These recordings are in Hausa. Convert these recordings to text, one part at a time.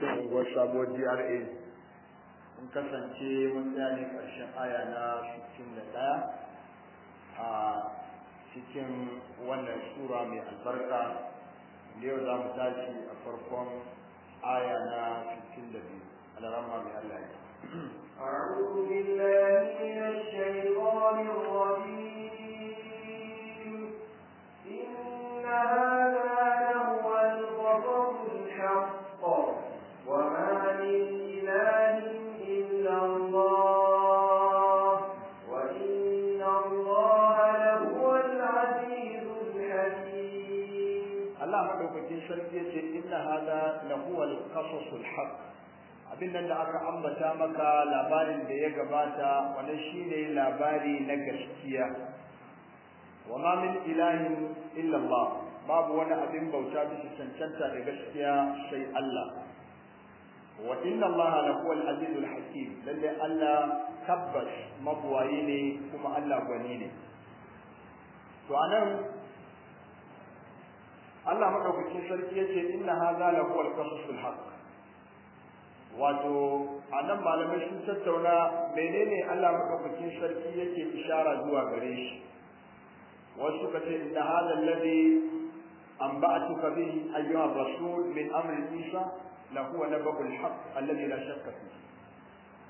da unguwar sabuwar DRA mun kasance mun gane ƙarshen aya na 61 a cikin wannan sura mai albarka yau za mu tashi a farkon aya na 62 alarama mai Allah ya أعوذ بالله من الشيطان الرجيم إنها ta'ala lahu al-qasas al abin nan da aka ambata maka labarin da ya gabata wannan shine labari na gaskiya ma min ilahin illa Allah babu wani abin bauta bisa cancanta da gaskiya sai Allah wa inna Allah la huwa al hakim lalle Allah tabbas mabwayi ne kuma Allah gwani ne to anan Allah madaukakin sarki yace inna hadha la huwa al-qasasul haqq wato anan malamai sun tattauna menene Allah madaukakin sarki yake ishara zuwa gare shi wasu kace inna hadha alladhi anba'atuka bihi ayyuha ar-rasul min amri Isa la huwa nabul haq alladhi la shakka fihi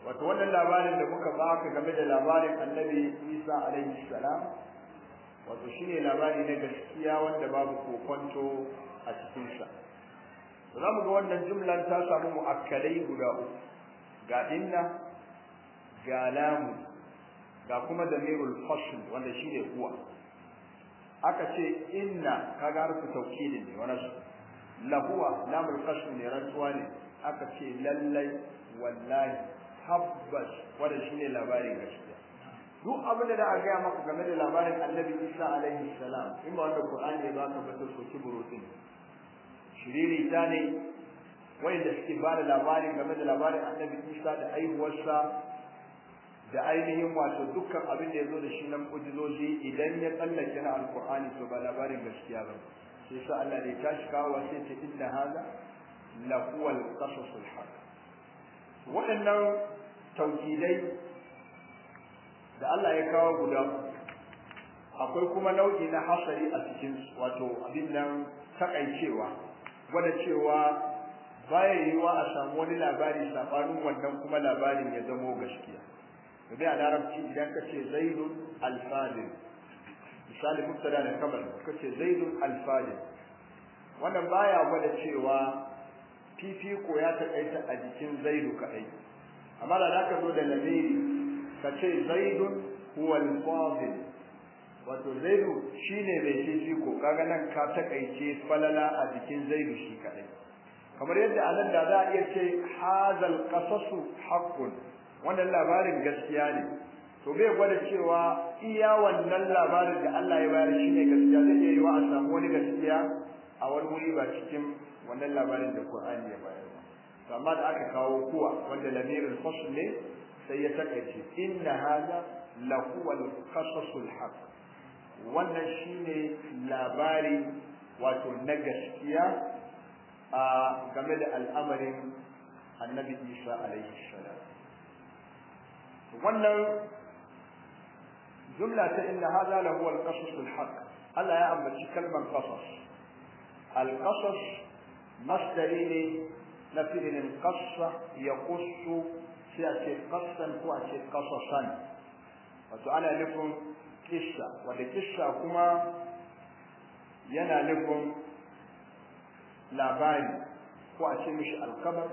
wato wannan labarin da muka baka game da labarin Annabi Isa alaihi salam wato shine labari na gaskiya wanda babu kokonto a cikin sa zamu ga wannan jumlan ta samu muakkalai guda uku ga inna ga lamu ga kuma mirul fashil wanda shine huwa aka ce inna kaga harfi tawkid ne wannan lahuwa lamul qasm ne rantsuwa ne aka ce lallai wallahi tabbas wannan shine labarin gaskiya duk abin da aka gaya maka game da labarin annabi isa alaihi salam in ba wanda qur'ani ya baka ba to kibro din shiriri ta ne da suke ba da labari game da labarin annabi isa da aihuwarsa da ainihin wato dukkan abin da ya zo da shi nan mu'jizoji idan ya tsallake na alqur'ani to ba labarin gaskiya ba sai sa Allah ne tashi kawo sai ce inna hada la huwa al-qasas haq waɗannan tawkidai da Allah ya kawo guda akwai kuma nau'i na hasari a cikin wato abin nan takaicewa wanda cewa baya wa a samu wani labari sabanin wannan kuma labarin ya zamo gaskiya da a larabci idan ka ce zaidun alfadil misali mubtada da kabar ka ce zaidun alfadil wannan baya gwada cewa fifiko ya taƙaita a jikin zaidu kaɗai amma da za ka zo da lamiri ka ce zaidun huwa fadil wato zaidu shine mai fifiko kaga nan ka takaice falala a jikin zaidu shi kadai kamar yadda anan da za a iya ce hazal qasasu haqqun wannan labarin gaskiya ne to bai gwada cewa iya wannan labarin da Allah ya bayar ne gaskiya zai iya yiwa a samu wani gaskiya a wani wuri ba cikin wannan labarin da Qur'ani ya bayar ba amma da aka kawo kuwa wanda lamirin fasl ne sai ya takaice inna hada la huwa al-qasasul haq wannan shine labari wato na gaskiya a game da al'amarin annabi Isa alaihi salam wannan jumla ta inna hada la huwa al-qasasul haq Allah ya ambaci kalmar qasas al-qasas masdari ne na fi'ilin qassa yaqussu sai a ce qassan ko a ce qasasan wato ana nufin kisha, wanda kissa kuma yana nufin labari ko a ce mishi alkabar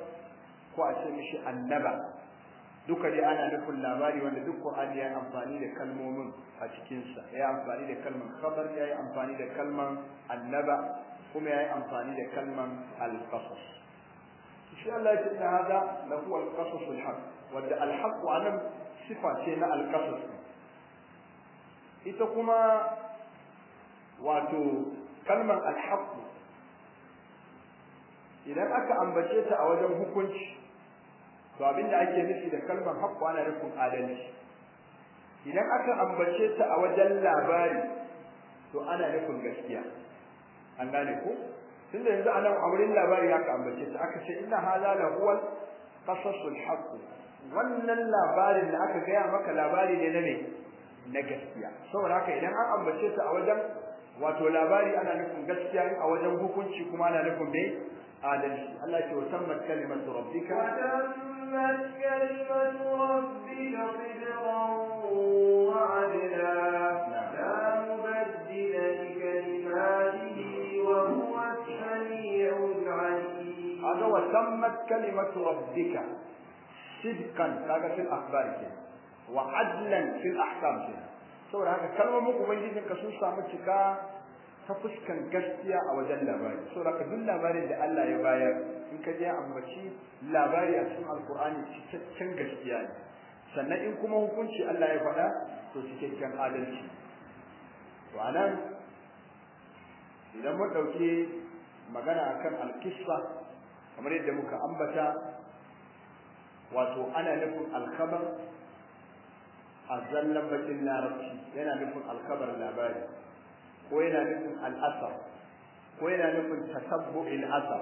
ko a ce mishi annaba duka dai ana nufin labari wanda duk ya yi amfani da kalmomin a cikinsa ya yi amfani da kalman khabar ya yi amfani da kalman annaba kuma ya yi amfani da kalman al shi Allah ya ce inna hada la huwa al-qasas al-haq wanda al-haq anan sifa ce na al-qasas ita kuma wato kalmar al-haq idan aka ambace ta a wajen hukunci to abinda ake nufi da kalmar haqqu ana nufin adalci idan aka ambace ta a wajen labari to ana nufin gaskiya an gane ko tunda yanzu anan a wurin labari aka ambace ta aka ce inna hadha la huwa qasasul haqq wannan labarin da aka gaya maka labari ne na ne na gaskiya saboda haka idan an ambace ta a wajen wato labari ana nufin gaskiya a wajen hukunci kuma ana nufin ne adalci Allah ce wa tammat rabbika wa tammat rabbika wa adla kaga wa tammat kalimatu rabbika sidqan kaga fil akhbar ke wa adlan fil ahkam ke saboda haka kalmomin ubangijin ka sun samu cika ta fuskan gaskiya a wajen labari saboda haka duk labarin da Allah ya bayar in ka je ambaci labari a cikin alkur'ani cikakken gaskiya ne sannan in kuma hukunci Allah ya faɗa to cikakken adalci to anan idan mun ɗauki magana akan alkissa kamar yadda muka ambata wato ana nufin alkhabar a zallan bakin larabci yana nufin alkhabar labari ko yana nufin al'asar ko yana nufin tasabbu'il asar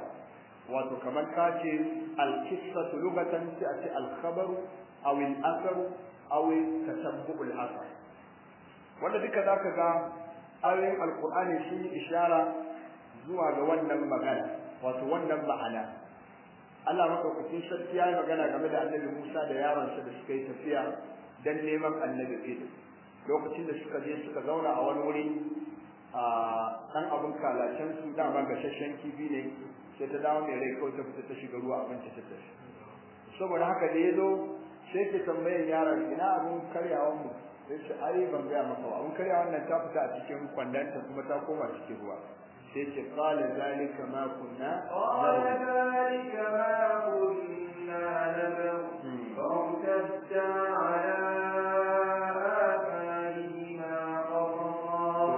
wato kamar ka ce alkissatu lugatan sai a ce alkhabaru awin asar aw tasabbu'ul asar wanda duka za ka ga ayoyin alqur'ani shi yi ishara zuwa ga wannan magana wato wannan ma'ana Allah madaukakin sarki ya yi magana game da annabi Musa da yaransa da suka yi tafiya dan neman annabi Idris lokacin da suka je suka zauna a wani wuri a dan abin kalacen su dama gashashen kifi ne sai ta dawo mai rai kawai ta fita ta shiga ruwa abin ta tafi saboda haka da ya zo sai ke tambayan yaron ina abin karyawan mu sai ce ai ban gaya maka ba abin karyawan nan ta fita a cikin kwandanta kuma ta koma cikin ruwa sai ce qala zalika ma kunna qala zalika ma kunna nabghu hmm. fa tadda ala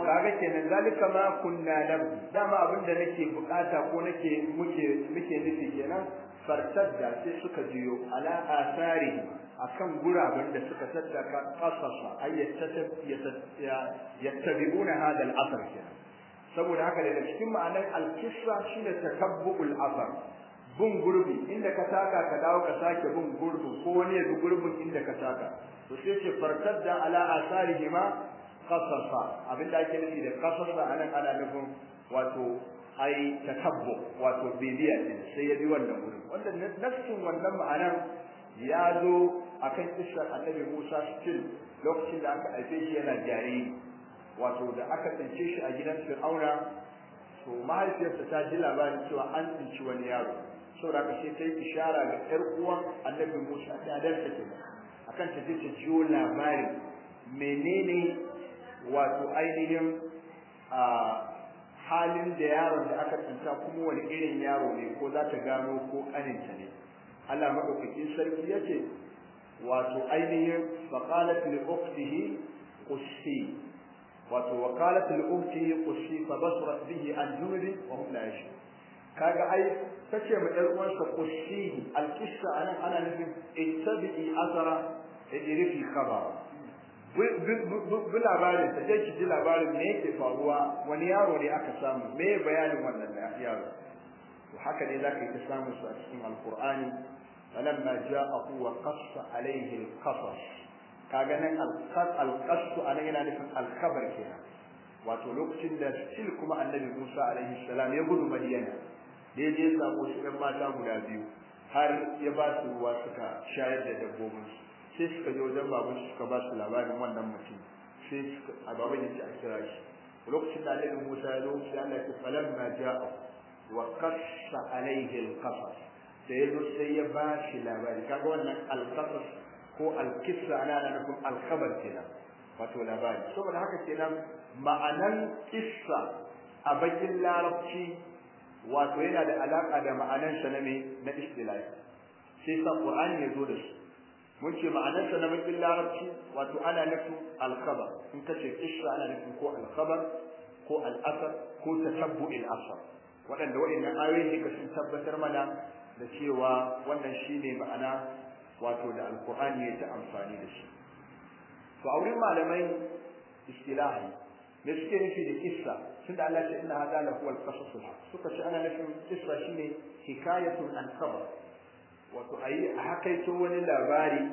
kaga kenan zalika ma kunna nabghu dama abinda nake bukata ko nake muke muke nufi kenan fartadda sai suka jiyo ala asari akan guraben da suka tattaka kasasa ayyatta yattabi'una hada asar kenan saboda haka daga cikin ma'anar al-kisra shine takabbu'ul athar bin gurbi inda ka taka ka dawo ka sake bin gurbi, ko wani ya gurbin inda ka taka to sai ce farkar da ala asarihima qasasa abinda ake nufi da qasasa anan ana nufin wato ai takabbu wato bibiya din sai ya bi wannan gurbin wanda nafsin wannan ma'anar ya zo akan kissar annabi Musa still lokacin da aka aife shi yana jariri wato da aka tsince shi a gidan fir'auna to mahaifiyarsa ta ji labarin cewa an tsinci wani yaro saboda haka sai ta yi ishara ga ƴar uwan annabi musa ta adarta ke akan ta je ta jiyo labari menene wato ainihin halin da yaron da aka tsinta kuma wani irin yaro ne ko za ta gano ko ƙaninta ne Allah madaukakin sarki ce? wato ainihin faqalat li ukhtihi qussi wato wakalat al-ukhti qushi fa basrat bihi al-jundi wa hum la yashur kaga ai tace mu ɗan uwansa qushi al-qissa anan ana nufin ittabi'i asara idrifi khabar bi labarin ta je ki ji labarin me yake faruwa wani yaro ne aka samu me bayanin wannan yaro to haka ne zaka yi ta samun su a cikin alqur'ani falamma ja'ahu wa qassa alayhi al-qasas kaga nan alqasu anan yana nufin alkabar kenan wato lokacin da still kuma annabi Musa alaihi salam ya gudu Madiyana daidai ya samu shi ɗan mata guda biyu har ya ba su ruwa suka shayar da dabbobin sai suka je wajen babu shi suka ba su labarin wannan mutum sai suka a baban ya a kira shi lokacin da annabi Musa ya zo shi Allah ya ce falamma ja'a wa qassa alaihi alqasas da ya sai ya ba shi labari kaga wannan alqasas ko al'kisa ana da nufin alkhabar kenan wato labari saboda haka kenan ma'anan kissa a bakin larabci wato yana da alaka da ma'anan sa na me na istilahi sai sa qur'ani ya zo da shi mun ce ma'anar sa na bakin larabci wato ana nufin alkhabar in kace kissa ana nufin ko alkhabar ko al'asar ko tasabbu'il asar waɗanda waɗannan ayoyi ne ka sun tabbatar mana da cewa wannan shine ma'ana wato da alkur'ani ya ta amfani da shi to a wurin malamai istilahi me suke nufi da kissa tunda Allah ya ce inna hada lahu al qasas suka ce ana nufin kissa shine hikayatun an kabar wato ayi hakaito wani labari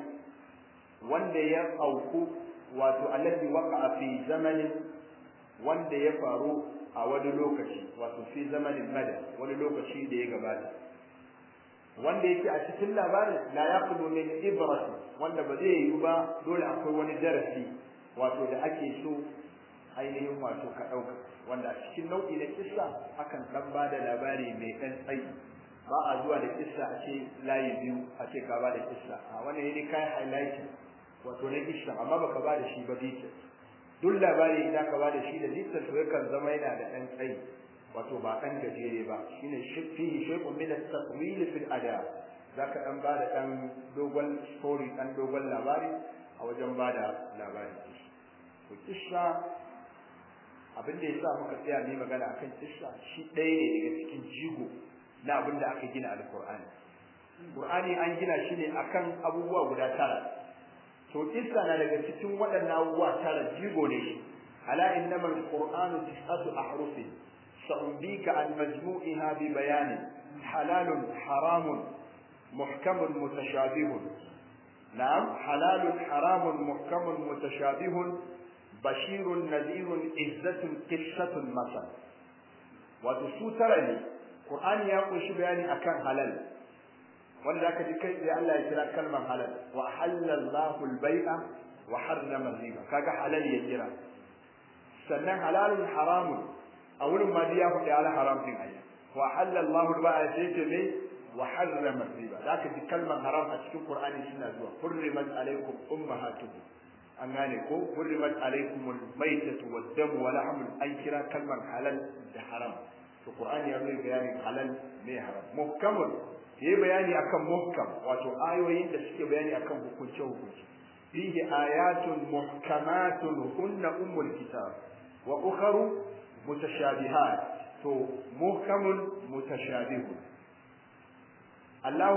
wanda ya auku wato alladhi waqa'a fi zamanin wanda ya faru a wani lokaci wato fi zamanin madad wani lokaci da ya gabata wanda yake a cikin labarin la yaqulu min ibrati wanda ba zai yi ba dole akwai wani darasi wato da ake so ainihin wato ka ɗauka, wanda a cikin nau'i na kissa akan ba da labari mai ɗan tsayi ba a zuwa da kissa a ce layi biyu a ce ka da kissa a wannan ne yi highlight wato na kissa amma baka da shi ba detail duk labari da ka da shi da detail to yakan zama yana da ɗan tsayi wato ba ɗan gajere ba shine fihi shay'un min at-taqwil fil ada zaka ɗan ba da ɗan dogon story dan dogon labari a wajen ba da labari to kissa abin da yasa muka tsaya ne magana akan kissa shi ɗaya ne daga cikin jigo na abin da aka gina Alƙur'ani. qur'ani an gina shi ne akan abubuwa guda tara to kissa na daga cikin waɗannan abubuwa tara jigo ne shi ala innamal qur'anu tis'atu ahrufin سأنبيك عن مجموعها ببيان حلال حرام محكم متشابه نعم حلال حرام محكم متشابه بشير نذير عزة قصة مثلا وتسوتر لي قرآن يقول شو بيان أكان حلال ولذلك لكي الله يجرى كلمة حلال وأحل الله البيع وحرم الربا كذا حلال يجرى سنة حلال حرام a wurin ma ya faɗi ala haram din ai wa halallahu al-ba'a sai ce ne wa harrama riba ka ji kalmar haram a cikin Qur'ani suna zuwa hurrimat alaikum ummahatukum an gane ko hurrimat alaikum al-maytatu wad-damu an kira kalmar halal da haram to Qur'ani ya yi bayani halal ne haram muhkamul yi bayani akan muhkam wato ayoyin da suke bayani akan hukunce hukunci fihi ayatun muhkamatun hunna ummul kitab wa ukharu mutashabihat to muhkamun mutashabihun Allah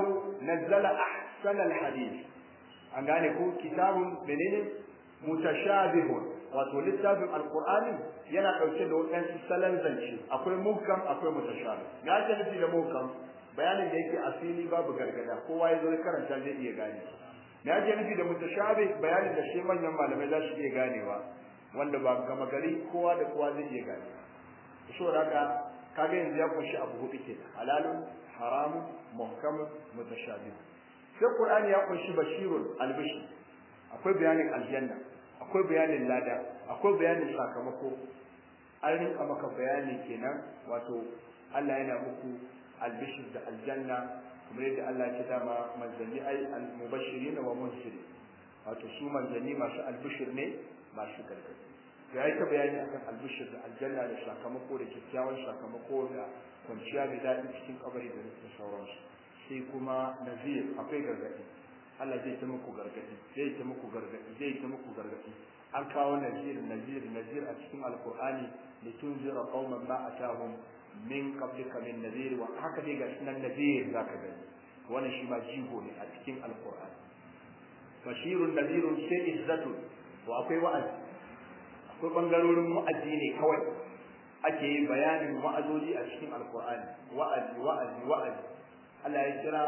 nazzala ahsana alhadith an gane ko kitabun menene mutashabihun wato littafin alqur'ani yana ɗauke da wadansu salon zance akwai muhkam akwai mutashabih ga ake nufi da muhkam bayanin da yake asili babu gargada kowa ya zo karanta zai iya gane me nufi da mutashabih bayanin da shi manyan malamai za su iya ganewa wanda ba gama gari kowa da kowa zai iya gani saboda haka kaga yanzu ya kunshi abu hudu ke halalun haramun muhkamun mutashabih sai qur'ani ya kunshi bashirun albishi akwai bayanin aljanna akwai bayanin lada akwai bayanin sakamako an rinka maka bayani kenan wato Allah yana muku albishir da aljanna kuma yadda Allah ya dama manzanni ai al-mubashirin wa munzirin wato su manzanni masu albishir ne masu gargadi ya yi ta bayani akan albishir da aljanna da sakamako da kyakkyawan sakamako da kwanciya mai daɗi cikin kabari da nufin sauransu sai kuma nazir akwai gargadi Allah zai ta muku gargadi zai ta muku gargadi zai ta muku gargadi an kawo nazir nazir nazir a cikin alkur'ani litunzira qauman ma atahum min qablika min nazir wa haka dai ga nan nazir zaka gani wannan shi ma jigo ne a cikin alkur'ani bashirun nazirun sai izzatun to akwai wa'azi akwai bangarorin wa'azi ne kawai ake yin bayanin wa'azoji a cikin alkur'ani wa'azi wa'azi wa'azi Allah ya kira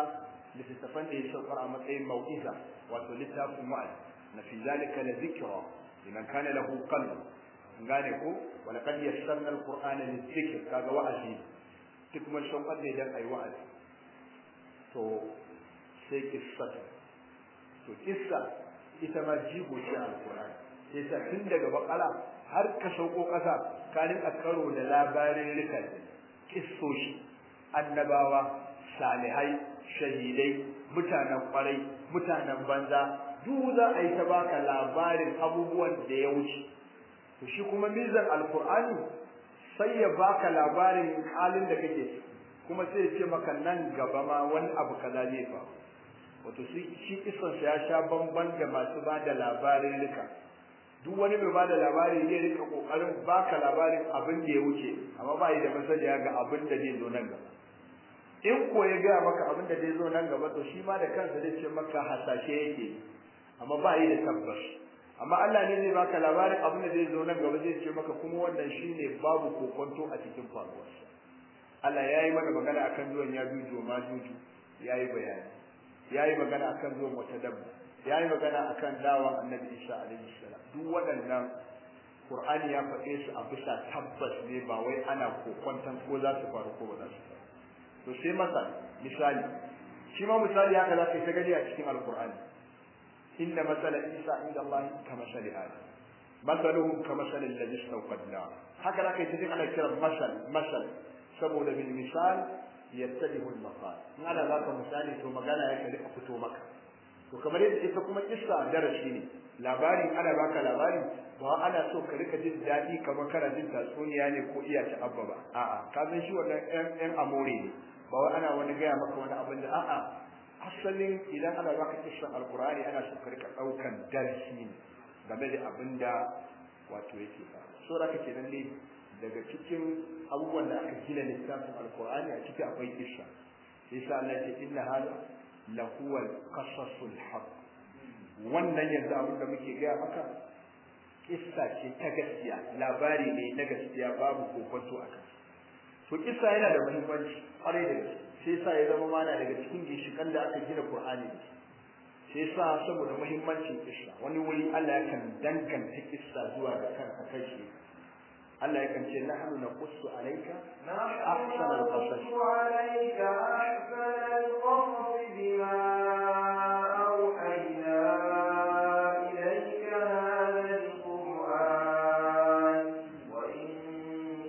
littattafan da ya shaukar a matsayin mau'iza wato littafin wa'azi na fi zalika la zikra liman kana lahu qalb gane ko wa laqad yassarna alqur'ana lidhikr kaga wa'azi duk mun shaukar da idan ayi wa'azi to sai kissa to kissa ita ma jigo a alqur'ani sai ta tun daga bakala har ka sauko ƙasa, ka rinka karo da labarin rikan kissoshi annabawa salihai shahidai mutanen ƙwarai, mutanen banza duk za a yi ta baka labarin abubuwan da ya wuce to shi kuma mizan alqur'ani sai ya baka labarin halin da kake kuma sai ya ce maka nan gaba ma wani abu kaza zai faru wato shi kisansa ya sha bamban da masu ba da labarin rika duk wani mai ba da labarin zai rika kokarin baka labarin abin da ya wuce amma ba yi da masaniya ga abin da zai zo nan gaba in ko ya gaya maka abin da zai zo nan gaba to shi ma da kansa zai ce maka hasashe yake amma ba yi da tabbas amma Allah ne zai baka labarin abin da zai zo nan gaba zai ce maka kuma wannan shine babu kokonto a cikin faruwarsa Allah ya yi mana magana akan zuwan ya juju ma juju ya yi bayani yayi magana akan zuwan wata dabba yayi magana akan dawan annabi Isa alaihi salam duk waɗannan Qur'ani ya faɗe su a bisa tabbas ne ba wai ana kokwantan ko za su faru ko ba za su faru to sai masa misali shi ma misali haka za ka yi ta gani a cikin alkur'ani inna masala isa inda Allah ka masali adam masaluhum ka masalin da jisna haka za ka yi ta jin ana kiran masal masal saboda bil misal yattabihu al in ana baka misali to magana ya rika fito maka to kamar yadda ita kuma kissa darasi ne labarin ana baka labari ba ana so ka rika jin daɗi kamar kana jin tatsuniya ne ko iya ta abba ba a'a ka san shi wannan yan amore ne ba ana wani gaya maka wani abin da a'a asalin idan ana baka kissan alkur'ani ana so rika ɗaukan darasi ne game da abin da wato yake ba so da kake nan ne daga cikin abubuwan da aka gina littafin alkur'ani a ciki akwai kissa yasa Allah ya ce inna hada la huwa qasasul haq wannan yanzu abin da muke gaya maka kissa ce ta gaskiya labari ne na gaskiya babu kokonto a kan to kissa yana da muhimmanci kwarai da gaske sai sa ya zama mana daga cikin ginshikan da aka gina Qur'ani sai sa saboda muhimmancin kissa wani wuri Allah ya kan danganta kissa zuwa ga kanka kai Allah yakan ce nahnu naqussu alayka ahsana al-qasas alayka ahsana al-qasas bima awhayna ilayka hadha al-qur'an wa in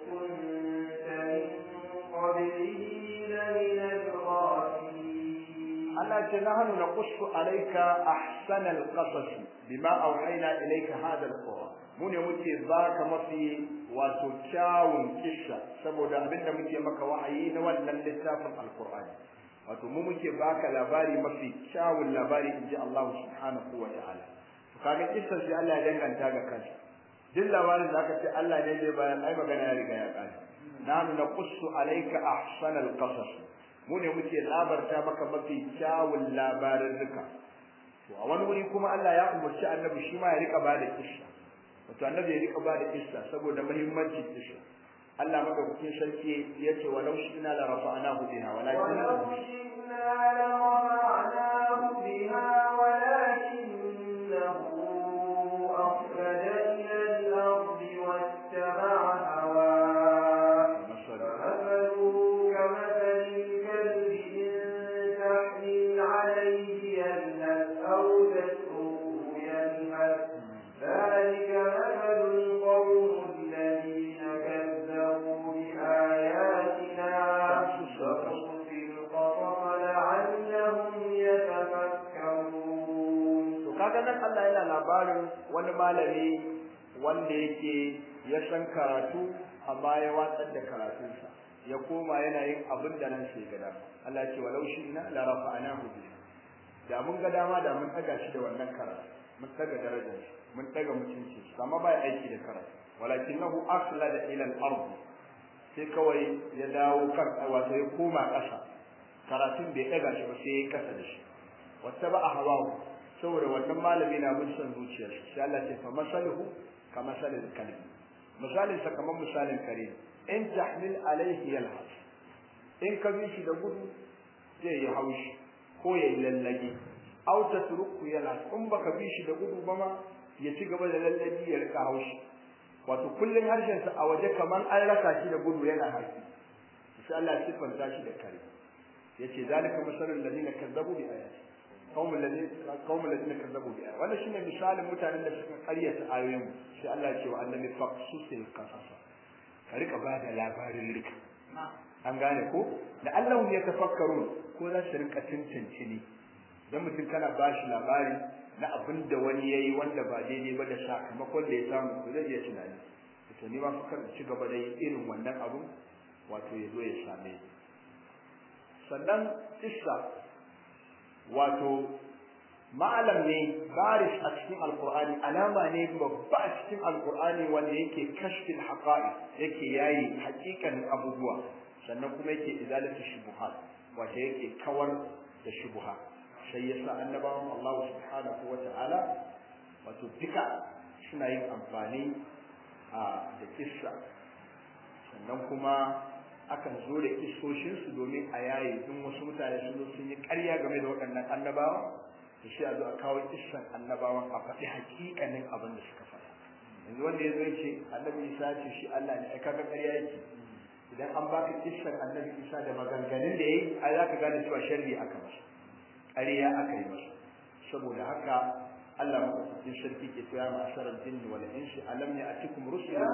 kunta min qablihi lamin al-ghafilin Allah ce nahnu naqussu alayka ahsana al-qasas bima awhayna ilayka hadha al-qur'an mun yamuti zaka mafi wato kyawun kissa saboda abinda muke maka wa'ayi na wannan littafin alkur'ani wato mu muke baka labari mafi kyawun labari inji Allah subhanahu wa ta'ala to kaga kissa sai Allah ya danganta ga kansa duk labarin da aka ce Allah ne zai bayan ai magana ya riga ya kare nanu alaika alayka ahsanal qasas mu ne muke labarta maka mafi kyawun labarin duka to a wani wuri kuma Allah ya umarci annabi shi ma ya rika bada kissa wato annabi ya rika ba da isa saboda muhimmancin kissa Allah madaukakin sarki ce walau shi ina la rafa'nahu biha walakin malami wanda yake ya san karatu amma ya watsar da karatunsa ya koma yana yin abin da nan sai gada Allah ce walau na la rafa'anahu bi da mun ga dama da mun taga shi da wannan karatu mun taga darajar shi mun taga mutunci amma baya aiki da karatu walakinahu aslada ila al-ard sai kawai ya dawo kan wato ya koma kasa karatun bai daga shi ba sai ya kasa da shi wata ba a hawawu saboda wannan malami na bin son zuciyar shi sai Allah ce fa masaluhu ka masalil kalim misalin sa kamar misalin kare in jahmil alaihi yalhas in ka bi shi da gudu zai yi haushi ko ya yi lallage aw yana yalhas in baka bi shi da gudu ba ma ya ci gaba da lallage ya rika haushi wato kullun harshen sa a waje kamar an rasa shi da gudu yana haushi sai Allah ya sifanta shi da kare yace zalika masalul ladina kazzabu bi ayati قوم الذين ne الذين zabo biya wannan shine misalin mutanen da suka ta ayoyin sai Allah ya ce wa annabi faqsusil qasas ka rika ba da labarin rika an gane ko da Allah ya tafakkaru ko za su rika tantance ne dan mutum kana ba shi labari na abin da wani yayi wanda ba daidai ba da sakamakon da ya samu ko zai iya tunani to ni ma kar ci gaba da yin irin wannan abun wato ya zo ya same sannan fissa. wato ma'alam ne barish a cikin alkur'ani alama ne babba a cikin alkur'ani wanda yake kashfin haqa'i yake yayi hakikanin abubuwa sannan kuma yake izalatu shubuhat wato yake kawar da shubuha sai yasa annabawan Allah subhanahu Ta'ala wato duka suna yin amfani ah, da kissa sannan kuma akan zo da iskoshinsu domin a yaye in wasu mutane sun zo sun yi ƙarya game da waɗannan annabawa to shi a zo a kawo iskan annabawan a faɗi hakikanin abin da suka faɗa yanzu wanda ya zo ce annabi isa ce shi Allah ne ai kaga ƙarya yake idan an baka iskan annabi isa da maganganun da ya yayi ai ka gane cewa sharri aka masa ƙarya aka yi masa saboda haka Allah maɗaukakin sarki ke ma asarar jinni wal insi alam ya jinni rusulun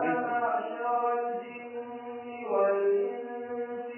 minkum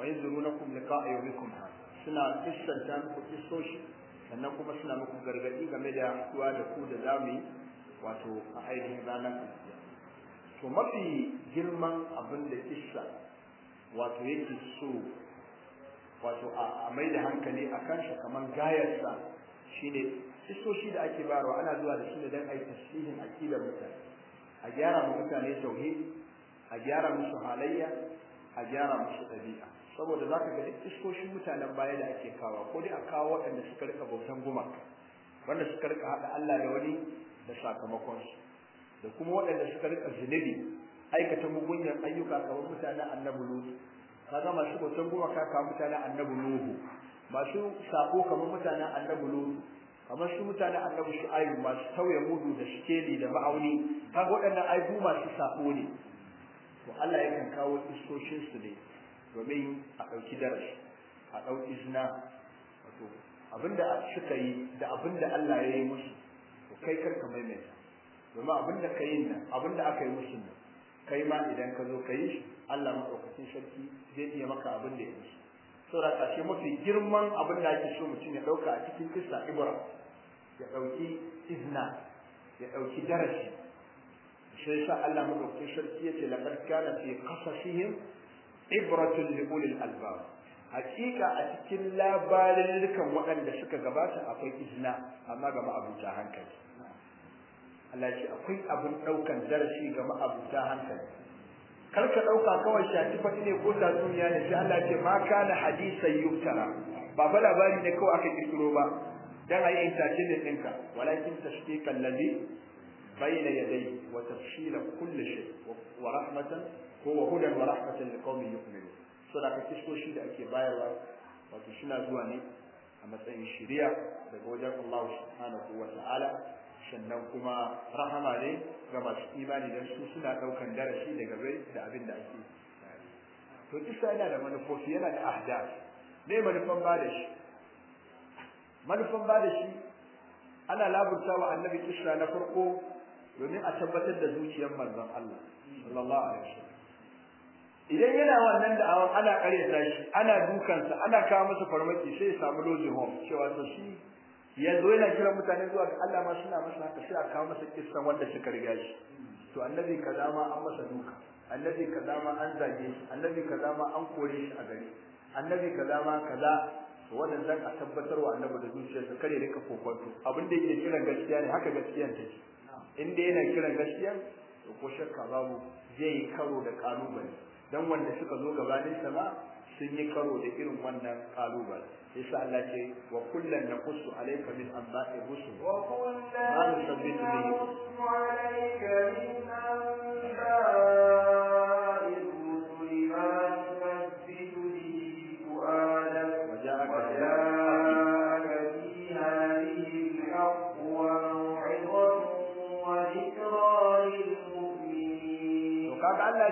wa yadrunakum liqa'a yawmikum hadha suna kissanta muku kissoshi sannan kuma suna muku gargaɗi game da haɗuwa da ku da mu yi wato a ainihin ranar alkiya to mafi girman abin da kissa wato yake so wato a mai da hankali a kansa kamar gayarsa shine kissoshi da ake bayarwa ana zuwa da shi ne don a yi tasirin akidar mutane a gyara ma mutane tauhid a gyara musu halayya a gyara musu ɗabi'a saboda za ka ga iskoshin mutanen baya da ake kawo ko dai a kawo waɗanda suka rika bautan gumaka wanda suka rika haɗa Allah da wani da sakamakonsu da kuma waɗanda suka rika zunubi aikata mugunyan ayyuka kamar mutanen annabi Lutu ga masu bautan gumaka kamar mutanen annabi Nuhu masu sako kamar mutanen annabi Lutu kamar su mutanen annabi Shu'aibu masu tauye mudu da sikeli da ma'auni kaga waɗannan ai masu sako ne to Allah yakan kawo iskoshinsu ne domin a ɗauki darasi a ɗau izina wato abinda suka yi da abinda Allah ya yi musu to kai karka maimaita domin abinda ka yi nan abinda aka yi musu nan kai ma idan ka zo ka yi shi Allah maɗaukakin sarki zai iya maka abinda da ya musu saboda ƙarshe mafi girman abin da ake so mutum ya ɗauka a cikin kissa ibra ya ɗauki izna ya ɗauki darasi sai sa Allah maɗaukakin sarki ya ce laqad kana fi qasasihim ibratun li ulil albab hakika a cikin labarurrukan waɗanda suka gabata akwai izina amma ga ma'abuta hankali Allah ce akwai abin ɗaukan darasi ga ma'abuta hankali kar ka ɗauka kawai shafi faɗi ne ko tatsuniya da sai Allah ce ma kana hadisan yuktara ba fa labari ne kawai aka kirkiro ba dan ayi intace ne ɗinka walakin tashqiqan ladhi bayna yadayhi wa tafsila kulli shay wa rahmatan ko wa hudan wa rahmatan liqaumin yu'minun sadaka kiskoshi da ake bayarwa wato shi na zuwa ne a matsayin shiriya daga wajen Allah subhanahu wa ta'ala sannan kuma rahama ne ga masu imani dan su suna daukan darasi daga bai da abin da ake to kisa yana da manufofi yana da ahdaf ne manufan ba da shi manufan ba da shi ana laburta wa annabi kisa na farko domin a tabbatar da zuciyar manzon Allah idan yana wannan da awan ana karyata shi ana dukansa ana kawo masa farmaki sai ya samu lojin home cewa to shi yanzu yana kiran mutane zuwa ga Allah ma suna masa haka sai a kawo masa kissan wanda suka riga shi to annabi kaza ma an masa duka annabi kaza ma an zage shi annabi kaza ma an kore shi a gari annabi kaza ma kaza to wannan zan a tabbatar wa annabi da zuciyarsa kare rika kokonto abin da yake kiran gaskiya ne haka gaskiyan take inda yana kiran gaskiya to ko shakka babu zai yi karo da kalubale dan wanda suka zo gabanin sa ma sun yi karo da irin wannan kalubale sa Allah ce wa kullan naqussu alayka min anba'i rusul wa kullan naqussu alayka min anba'i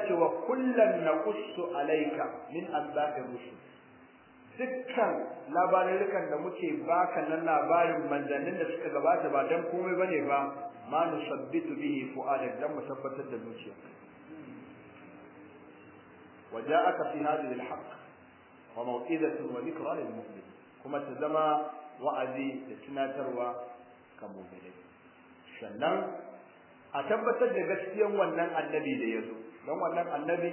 ce wa kullum na kusu alaika min azbabir rusul dukkan labarurrukan da muke baka nan labarin manzannin da suka gabata ba don komai ba ne ba ma nusabbitu bihi fu'adak dan mu tabbatar da zuciya وجاءك في هذه الحق kuma ta zama wa'azi da tunatarwa لتناتر وكمؤمنين sannan a tabbatar da gaskiyan wannan annabi da ya zo don wannan annabi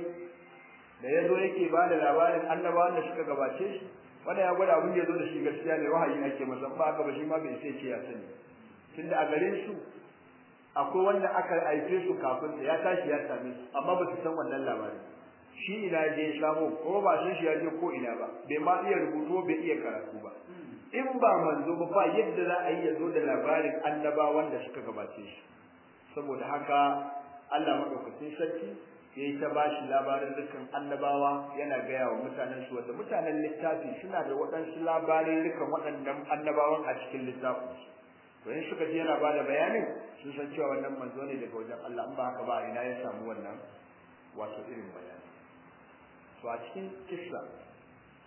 da ya zo yake ba da labarin annabawan wanda suka gabace shi wanda ya gwada abin ya zo da shi gaskiya ne wahayi ake masa ba haka ba shi ma bai sai ce ya sani tunda a gare su akwai wanda aka aike su kafin ya tashi ya same su amma ba su san wannan labarin shi ina je shago ko ba shi shi ya je ko ina ba bai ma iya rubutu bai iya karatu ba in ba manzo ba ba yadda za a yi ya zo da labarin annabawan wanda suka gabace shi saboda haka Allah madaukakin sarki yayi ta bashi labarin dukkan annabawa yana gaya wa mutanen su wanda mutanen littafi suna da waɗansu labarin dukkan waɗannan annabawan a cikin littafin to in suka ji yana bada bayanin sun san cewa wannan manzo ne daga wajen Allah in ba haka ba ina ya samu wannan wato irin bayani to a cikin kissa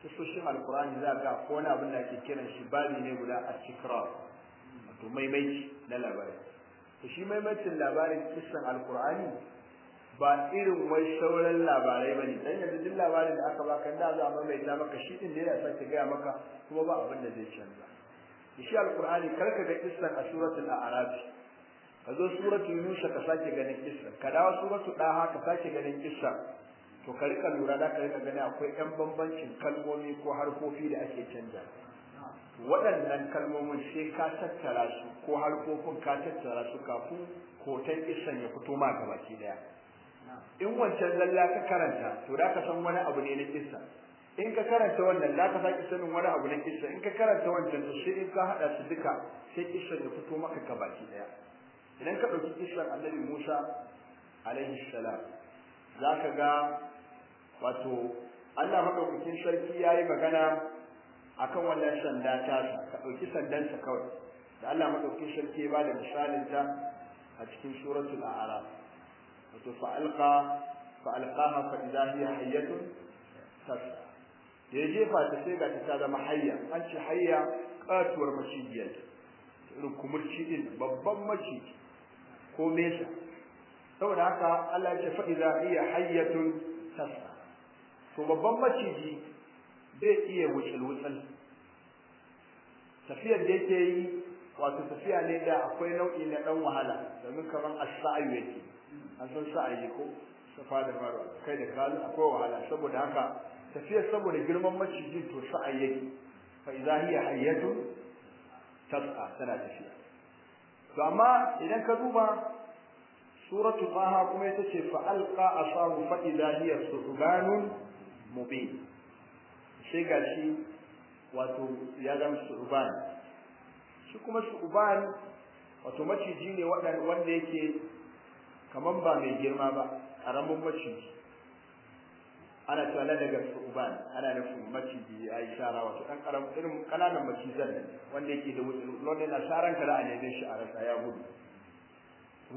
kissoshin alqur'ani za ga ko wani abin da ake kiran shi babi ne guda a tikrar wato maimaici na labari to shi maimacin labarin kissan alqur'ani ba irin wai sauran labarai bane dan yanzu duk labarin da aka baka da za a maimaita maka shi din ne ya sake gaya maka kuma ba abin da zai canza shi alqur'ani karka ga kissan a suratul a'raf ka zo suratul yunus ka sake ganin kissan ka dawo suratul daha ka sake ganin kissan to ka rika lura da ka rika gani akwai yan bambancin kalmomi ko harkofi da ake canja waɗannan kalmomin sai ka tattara su ko harfofin ka tattara su kafin hoton kissan ya fito ma ki daya in wancan lalla ka karanta to da ka san wani abu ne na kissa in ka karanta wannan da ka saki sanin wani abu na kissa in ka karanta wancan to shi in ka hada su duka sai kissa ya fito maka ka baki daya idan ka dauki kissa annabi Musa alaihi salam za ka ga wato Allah madaukakin sarki yayi magana akan wannan sanda ta ka dauki sa kawai da Allah madaukakin sarki ya bada misalin ta a cikin suratul a'raf wato fa'alqa fa'alqaha fa idza hiya hayyatun tas'a ya jefa ta sai ga ta zama hayya an ce hayya katuwar macijiyar irin kumurci din babban maciji ko mesa saboda haka Allah ya ce fa idza hiya hayyatun tas'a to babban maciji zai iya wucin wucin, tafiyar da yake yi wato tafiya ne da akwai nau'i na ɗan wahala domin kaman as-sa'yu yake an san sa ayi ko sa fadar faru kai da kalu kowa wahala saboda haka tafiyar saboda girman maciji to sa a yake fa idza hiya hayyatun tabqa tana tafiya to amma idan ka duba suratu qaha kuma ita ce fa alqa asahu fa idza hiya suhbanun mubin sai gashi wato ya zama suhban shi kuma suhban wato maciji ne wanda yake kaman ba mai girma ba karamin maciji ana tsala daga uban ana nufin maciji ya yi shara wato ɗan karamin irin ƙananan macizan wanda yake da wuce lone na sharan ka da a neman shi a rasa ya gudu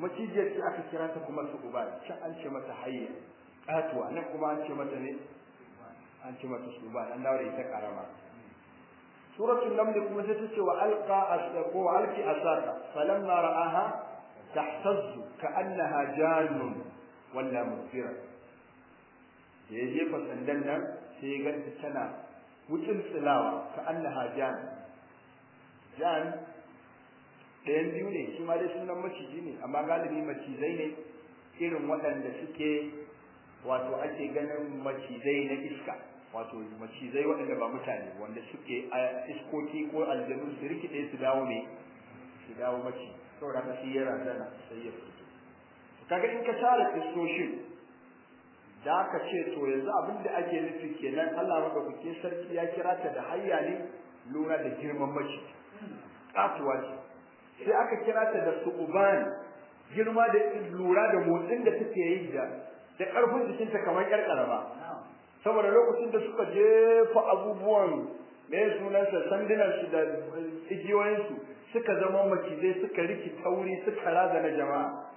macijiyar ce aka kira ta kuma su uban can an ce mata hayya ƙatuwa nan kuma an ce mata ne an ce mata su uban an dawo da ita karama suratul lamdi kuma sai ta ce wa alqa asqa wa alqi asaka falamma ra'aha tahtazzu كأنها جان ولا مغفرة da ya jefa sandan nan sai ya ganta tana wutsin tsilawa ka annaha jan ɗayan biyu ne shi ma dai sunan maciji ne amma galibi macizai ne irin waɗanda suke wato ake ganin macizai na iska wato macizai waɗanda ba mutane wanda suke a iskoki ko aljanu su rikide su dawo ne su dawo maci saboda haka sai ya razana sai ya fito kaga in ka da kissoshin da ka ce to yanzu abin da ake nufi kenan Allah bikin sarki ya kira ta da hayya ne lura da girman mace katuwa ce sai aka kira ta da su'uban girma da lura da motsin da take yi da da karfin jikinta kamar yar karama saboda lokacin da suka jefa abubuwan me sunansa sandunan su da igiyoyin su suka zama macizai suka riki tauri suka na jama'a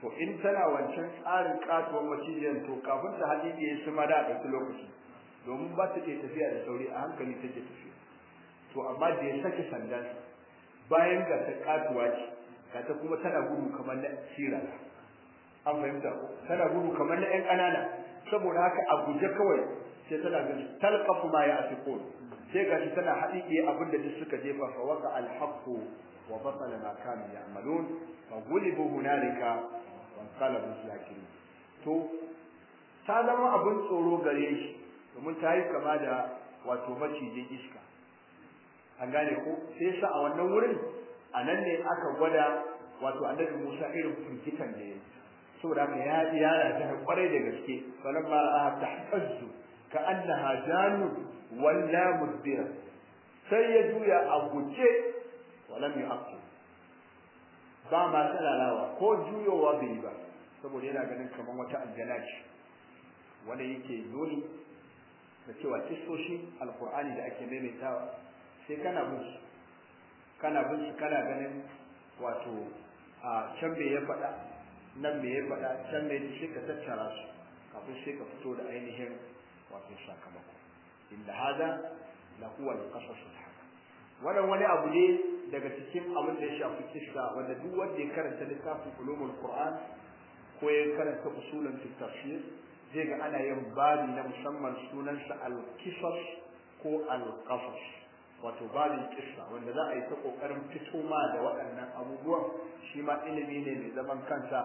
to in tana wancan tsarin katuwar macijiyar to kafin ta hadidi ya shi ma da ɗauki lokaci domin ba ta ke tafiya da sauri a hankali ta ke tafiya to amma da ya sake sandan bayan ga ta katuwa ce ga ta kuma tana gudu kamar na sira an fahimta ko tana gudu kamar na ƴan ƙanana saboda haka a guje kawai sai tana gani talqafu ma ya asiqun sai gashi tana haɗiɗe abin da duk suka jefa fa waqa al-haqqu wa batala ma kanu ya'malun fa gulibu hunalika ya kiri to ta zama abin tsoro gare shi domin ta yi kama da wato macijin iska an gane ko sai sa a wannan wurin a nan ne aka gwada wato annabi Musa irin firgitan da ya yayi saboda haka ya ji yara ta kwarai da gaske a tahfazu ka annaha janu walla mudbira sai ya juya a guje walam ba ma tsalalawa ko juyowa bai yi ba saboda yana ganin kamar wata aljana ce wanda yake dole da cewa kistoshin alkur'ani da ake maimaitawa sai kana bin su kana bin su kana ganin wato a can me ya faɗa nan me ya faɗa can me shi ka tattara su kafin sai ka fito da ainihin wato sakamako inda hada la huwa al-qasas wannan wani abu ne daga cikin abin da ya shafi kishka wanda duk wanda ya karanta littafin ulumul qur'an ko ya karanta usulun tafsir zai ga ana yin babu na musamman sunansa al-qisas ko al-qasas wato babin kisa, wanda za a yi ta kokarin fito ma da waɗannan abubuwan shi ma ilimi ne mai zaman kansa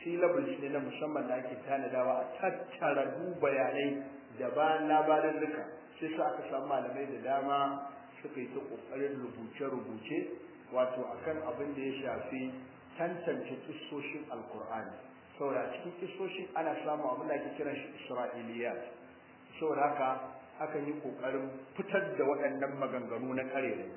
shi labulci ne na musamman da ake tanadawa a tattara du bayanai da ba labarin duka sai sa aka samu malamai da dama suka yi ta ƙoƙarin rubuce-rubuce wato akan abin da ya shafi tantance kissoshin alkur'ani saboda cikin kissoshin ana samu abin da ake kiran shi isra'iliya saboda haka akan yi ƙoƙarin fitar da waɗannan maganganu na ƙarere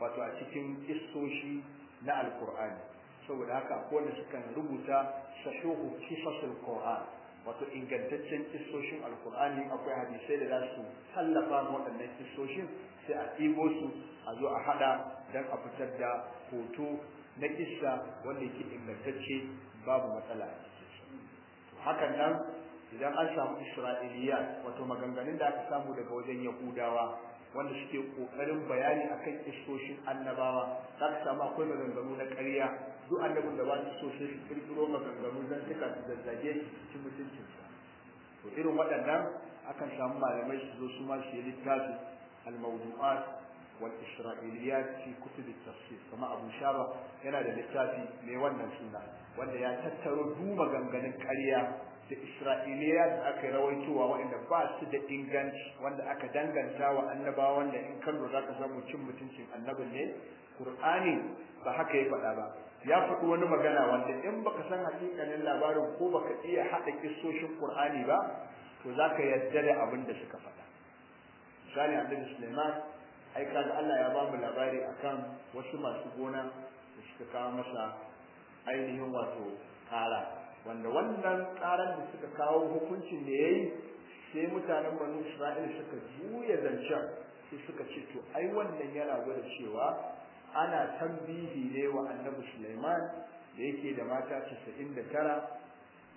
wato a cikin kissoshi na alkur'ani saboda haka akwai wanda sukan rubuta sahihu kisasul qur'an wato ingantaccen kissoshin alkur'ani akwai hadisai da za su tallafa waɗannan kissoshin sai a ɗibo su a zo a haɗa don a fitar da hoto na kisa wanda yake ingantacce babu matsala a hakan nan idan an samu isra'iliya wato maganganun da aka samu daga wajen yahudawa wanda suke kokarin bayani akan kistoshin annabawa za ka samu akwai maganganu na ƙarya duk annabin da ba su so sai su kirkiro maganganu don suka su zazzage su mutuncin to irin waɗannan akan samu malamai su zo su ma su yi littafi al-mawdu'at wal isra'iliyat fi kutub at-tafsir kama Abu yana da littafi mai wannan suna wanda ya tattaro duk maganganun ƙarya da isra'iliya da aka rawaitowa waɗanda ba su da inganci wanda aka danganta wa annabawa wanda in kan lura ka samu cin mutuncin annabin ne qur'ani ba haka ya faɗa ba ya faɗi wani magana wanda in baka san hakikanin labarin ko baka iya haɗa kissoshin qur'ani ba to zaka yarda da abin da suka faɗa misali Abdul Sulaiman ai kan Allah ya ba mu labari akan wasu masu gona da suka kawo masa ainihin wato kara wanda wannan karar da suka kawo hukuncin da yayi sai mutanen banu isra'il suka juya zancen su suka ce to ai wannan yana gwada cewa ana tambihi ne wa Annabi Sulaiman da yake da mata casa'in da tara,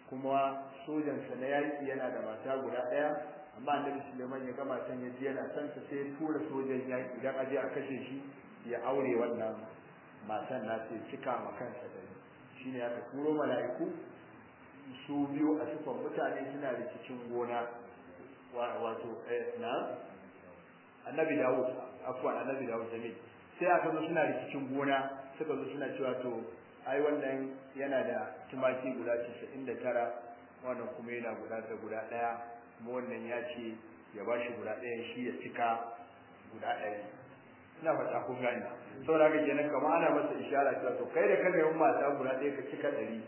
kuma sojansa na yaƙi yana da mata guda ɗaya amma Annabi Sulaiman ya gama san ya ji yana san sa sai ya tura sojan yaƙi, idan aje a kashe shi ya aure wannan matan na sai cika ma kansa da ne aka turo mala'iku su biyu a cikin mutane suna rikicin gona wato eh, na annabi dawud akwa annabi dawud jamil sai aka zo suna rikicin gona suka zo suna cewa to ai wannan yana da tumaki guda 99 wannan kuma yana guda da guda daya kuma wannan ya ce ya bashi guda daya shi ya cika guda daya ina fata kun gani saboda ga kenan kamar ana masa isharar cewa to kai da kan mai mata guda daya ka cika 100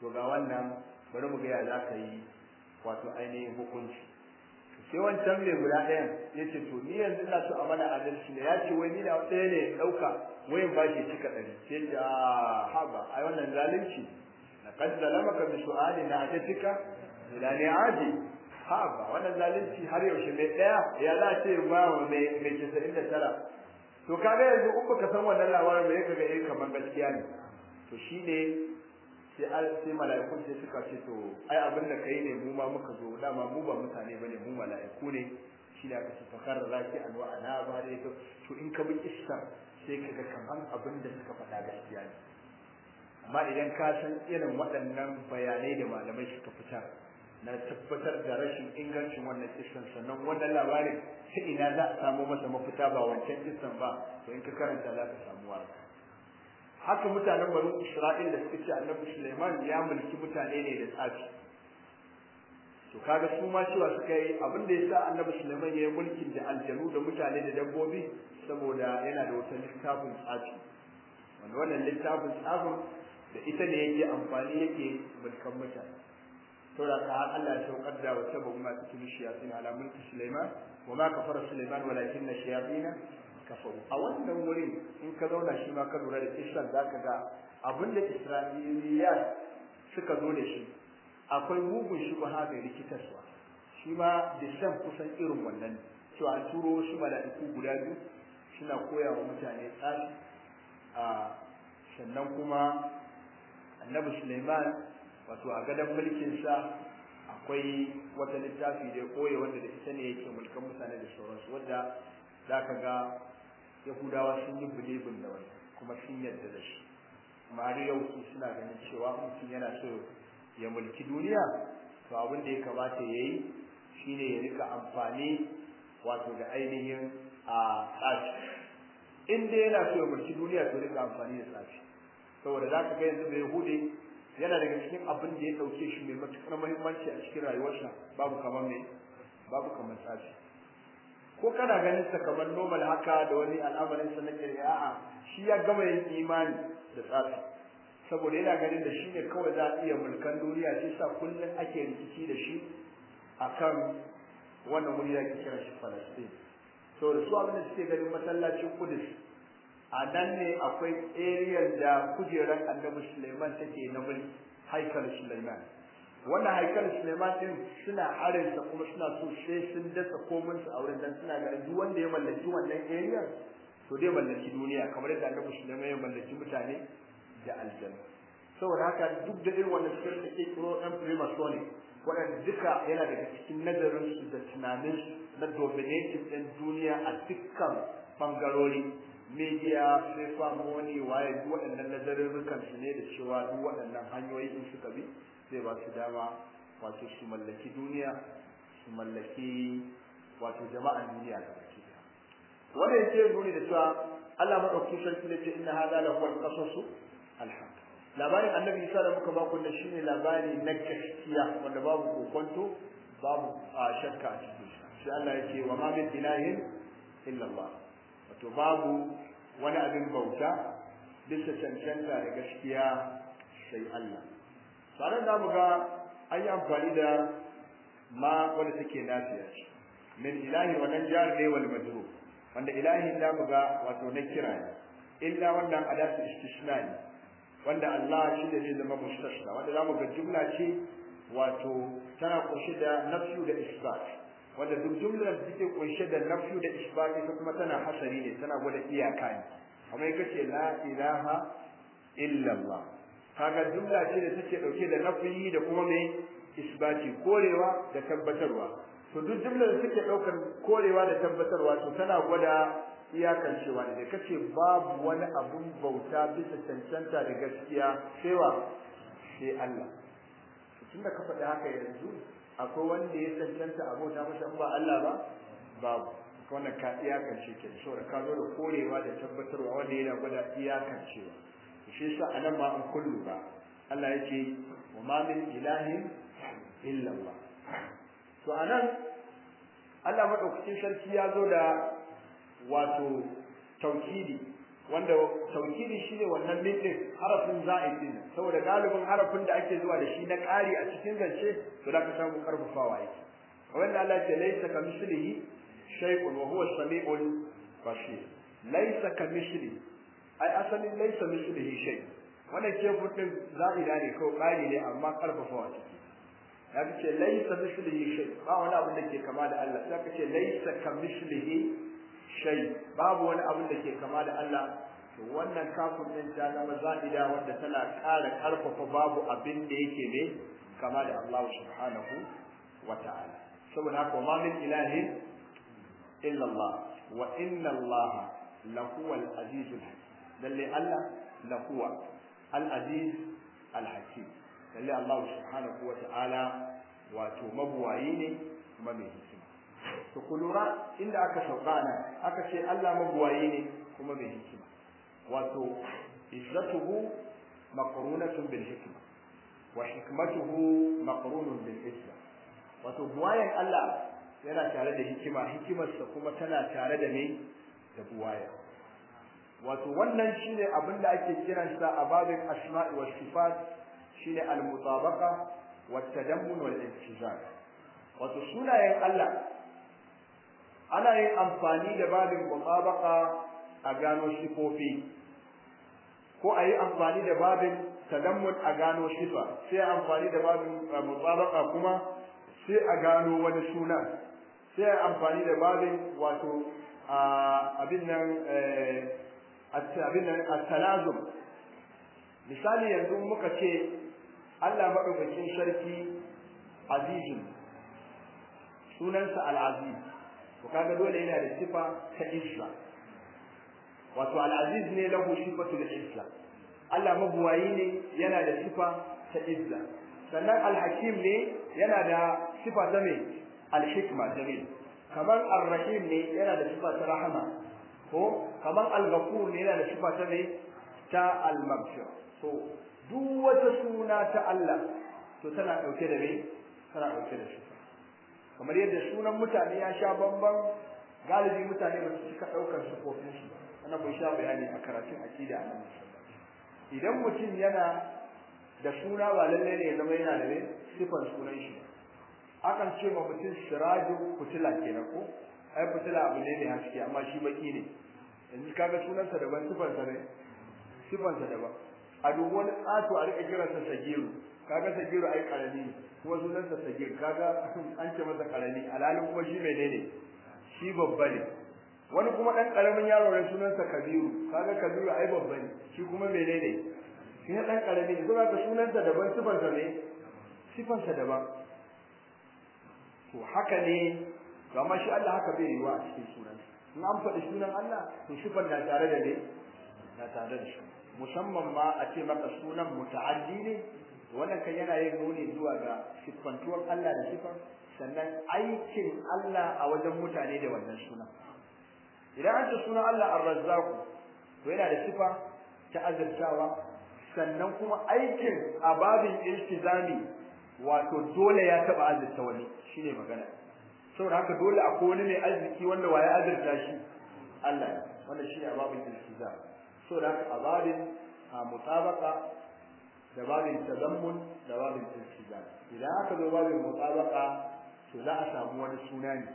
to ga wannan bari mu ga ya za ka yi wato ainihin hukunci sai wancan mai guda ɗayan ya ce to ni yanzu ina so a mana adalci ne ya ce wai ni da ɗaya ne ɗauka wai ba shi cika ɗari sai ce ah, haba ai wannan zalunci na kan zalamaka bi su'ali na cika. ila ne aji haba wannan zalunci har yaushe mai ɗaya ya za ce ba mai mai casa'in da tara to kaga yanzu uku baka san wannan labarin mai ya kaga eh kamar gaskiya ne to shine sai sai mala'ikun sai suka ce to ai abin da kai ne mu ma muka zo dama mu ba mutane bane mu mala'iku ne shi da aka ce a raki anwa ana ba da to to in ka bi isha sai ka ga kaman abin da suka faɗa gaskiya ne amma idan ka san irin waɗannan bayanai da malamai suka fitar na tabbatar da rashin ingancin wannan iskan sannan wannan labarin sai ina za a samu masa mafita ba wancan iskan ba to in ka karanta za ka samu waraka haka mutanen banu isra'il da suka ce annabi suleiman ya mulki mutane ne da tsafi to kaga su ma cewa suka yi abin da sa annabi suleiman ya yi mulkin da aljanu da mutane da dabbobi saboda yana da wata littafin tsafi wanda wannan littafin tsafin da ita ne yake amfani yake mulkan mutane da, ka har Allah ya saukar da wata babu masu cikin shiyasin ala mulki suleiman wa ma kafara suleiman walakin shayatina kafaru a wannan wurin in ka zauna shi ma ka lura da kishan ka ga abin da Isra'iliya suka zo da shi akwai mugun shi ba mai rikitarwa shi ma da shan kusan irin wannan cewa an turo shi mala'iku guda biyu suna koya wa mutane tsari a sannan kuma annabi Suleiman wato a gadon mulkinsa akwai wata littafi da ya koya wanda da ita ne yake mulkan mutane da sauransu wadda za ka ga yahudawa sun yi bulibin da wani kuma sun yadda da shi kuma har yau su suna ganin cewa mutum yana so ya mulki duniya to abin da ya kamata ya yi shine ya rika amfani wato da ainihin a tsafi in yana so ya mulki duniya to rika amfani da tsafi saboda za ka ga yanzu da yahudi yana daga cikin abin da ya ɗauke shi mai matuƙar muhimmanci a cikin rayuwarsa babu kamar mai babu kamar tsafi ko kana ganin sa kamar normal haka da wani al'amarin sa na a'a shi ya gama yin imani da tsafi saboda yana ganin da shine kawai za a iya mulkan duniya shi sa kullum ake rikici da shi akan wannan wuri da ake kira shi Palestine da su abin da suke ganin masallacin Kudus a nan ne akwai eriyar da kujerar annabi Suleiman take na mulki haikalin Suleiman wannan haikal Suleiman din suna harinsa kuma suna so sai sun dasa komai, su a wurin dan suna ga duk wanda ya mallaki wannan area to dai mallaki duniya kamar yadda Annabi Suleiman ya mallaki mutane da aljanna saboda haka duk da irin wannan suka take kuro dan primasonic wannan duka yana daga cikin nazarin su da tunanin su na dominating din duniya a dukkan bangarori media sai famoni waye duk waɗannan nazarin rukan su ne da cewa duk waɗannan hanyoyi in suka bi zai ba su dama wato su mallaki duniya su mallaki wato jama'an duniya da ke. wanda yake nuni da cewa Allah madaukakin sarki ne ce inna hada lahu al-qasasu al-haq labarin annabi Isa da muka baku nan shine labari na gaskiya wanda babu kokonto babu shakka a cikin shi sai Allah yake wa ma min ilahin illa Allah wato babu wani abin bauta bisa cancanta da gaskiya sai Allah sanan da muka an yi amfani da ma wanda take nafiya ce min ilahi wannan jar ne wal majrur wanda ilahi da muga wato na kira ne illa wannan adatu istishna ne wanda Allah shi da zai zama mustashna wanda zamu ga jumla ce wato tana kunshe da nafsu da isbat wanda duk jumlar da take kunshe da nafsu da isbat ita kuma tana hasari ne tana gwada iyaka ne amma yake ce la ilaha illa kaga jumla ce da take dauke da nafi da kuma me isbati korewa da tabbatarwa to duk jumla da take daukar korewa da tabbatarwa to tana gwada iyakan cewa da kace babu wani abun bauta bisa cancanta da gaskiya sai sai Allah tunda ka faɗi haka yanzu akwai wanda ya cancanta abota masa ba Allah ba babu wannan ka iyakance ke so ka zo da korewa da tabbatarwa wanda yana gwada iyakancewa shi yasa anan ba an kullu ba Allah ya ce wa ma min ilahin illa Allah to anan Allah madaukakin sarki ya zo da wato tauhidi wanda tauhidi shine wannan min din harafin za'id din saboda galibin harafin da ake zuwa da shi na ƙari a cikin zance to da ka samu karfafawa yake wanda Allah ce laysa ka mislihi shay'un wa huwa as-sami'ul basir laysa ka ai asalin laisa mislihi shay wannan kebur din za'ida ne ko ƙari ne amma karfafawa ciki ya ce laisa mislihi shay ba wani abu da ke kama da Allah sai ka laisa kamislihi shay babu wani abu da ke kama da Allah to wannan kafin din ta zama za'ida wanda tana ƙara karfafa babu abin da yake ne kama da Allah subhanahu wa ta'ala saboda haka ma min ilahin illa Allah wa inna Allah lahu al-azizul hakim lalle Allah lahuwa al-aziz al-hakim lalle Allah subhanahu wa ta'ala wato mabuwayi ne kuma mai hikima to inda aka sauka aka ce Allah mabuwayi ne kuma mai hikima wato izzatuhu maqrunatun bil hikma wa hikmatuhu maqrunun bil izza wato buwayan Allah yana tare da hikima hikimarsa kuma tana tare da me da buwaya wato wannan shine abin da ake kiran sa a babin asma'i wa sifat shine al-mutabaqa wa tadammun wal intizar wato sunayen Allah ana yin amfani da babin mutabaqa a gano sifofi ko a yi amfani da babin tadammun a gano sifa sai amfani da babin eh, mutabaqa kuma sai a gano wani suna sai amfani da babin wato ah, abin nan eh, abin nan at misali yanzu muka ce Allah madaukakin sarki azizun sunansa al-aziz to kaga dole yana da sifa ta isra wato al-aziz ne lahu sifatul isra Allah mabuwayi ne yana da sifa ta isra sannan al-hakim ne yana da sifa ta me al-hikma jamil kamar ar-rahim ne yana da sifa ta rahama ko kaman al-ghafur ne yana da sifa ta ne ta al maghfir so duk wata suna ta Allah to tana dauke da ne tana dauke da sifa kamar yadda sunan mutane ya sha bamban galibi mutane ba su cika daukar ko su ana kun sha bayani a karatun akida a nan idan mutum yana da suna ba lalle ne ya zama yana da ne sifan sunan shi akan ce ma mutum siraju kutila kenan ko ai fitila abu ne mai haske amma shi baki ne yanzu kaga sunansa daban sifansa ne sifansa daban a duk wani tsato a rika kiransa sagiru kaga sagiru ai karami ne kuma sunansa sagiru kaga an ce masa karami alhalin kuma shi ne shi babba ne wani kuma dan karamin yaro ne sunansa kabiru kaga kabiru ai babba ne shi kuma menene shi ne dan karami ne kuma sunansa daban sifansa ne sifansa daban to haka ne to amma shi Allah haka bai yiwa a cikin sunan in an faɗi sunan Allah to sifar na tare da ne na tare da shi musamman ma a ce maka sunan muta'addi ne wannan kan yana yin nuni zuwa ga siffantuwar Allah da siffar sannan aikin Allah a wajen mutane da wannan sunan idan an ce sunan Allah ar-razzaq to yana da sifa ta azabtawa, sannan kuma aikin a babin iltizami wato dole ya taba azurta wani shine magana saboda haka dole a wani mai arziki wanda waye azurta shi Allah ne wanda shi ne babin iltiza saboda haka a mutabaka da babin tazammun da babin iltiza idan aka zo babin mutabaka to za a samu wani suna ne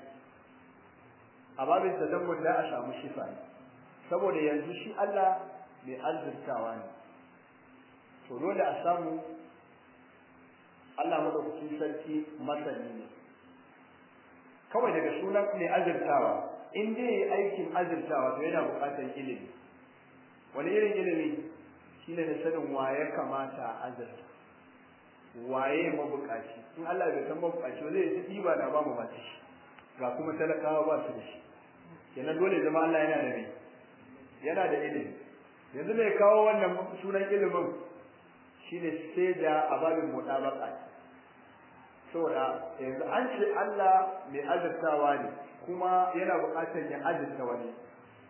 a babin tazammun za a samu shifa ne saboda yanzu shi Allah mai azurtawa ne to dole a samu Allah madaukakin sarki masani ne kawai daga sunan ne azurtawa in dai yi aikin azurtawa to yana buƙatar ilimi wani irin ilimi shine da sanin waye kamata azirta waye mabukaci in Allah bai san mabukaci zai ci ba na ba mu ba shi ga kuma talakawa ba su da shi kenan dole zama Allah yana da ni. yana da ilimi yanzu mai kawo wannan sunan ilimin shine sai da ababin mutabaka saboda yanzu an ce Allah mai azurtawa ne kuma yana buƙatar ya azurta wani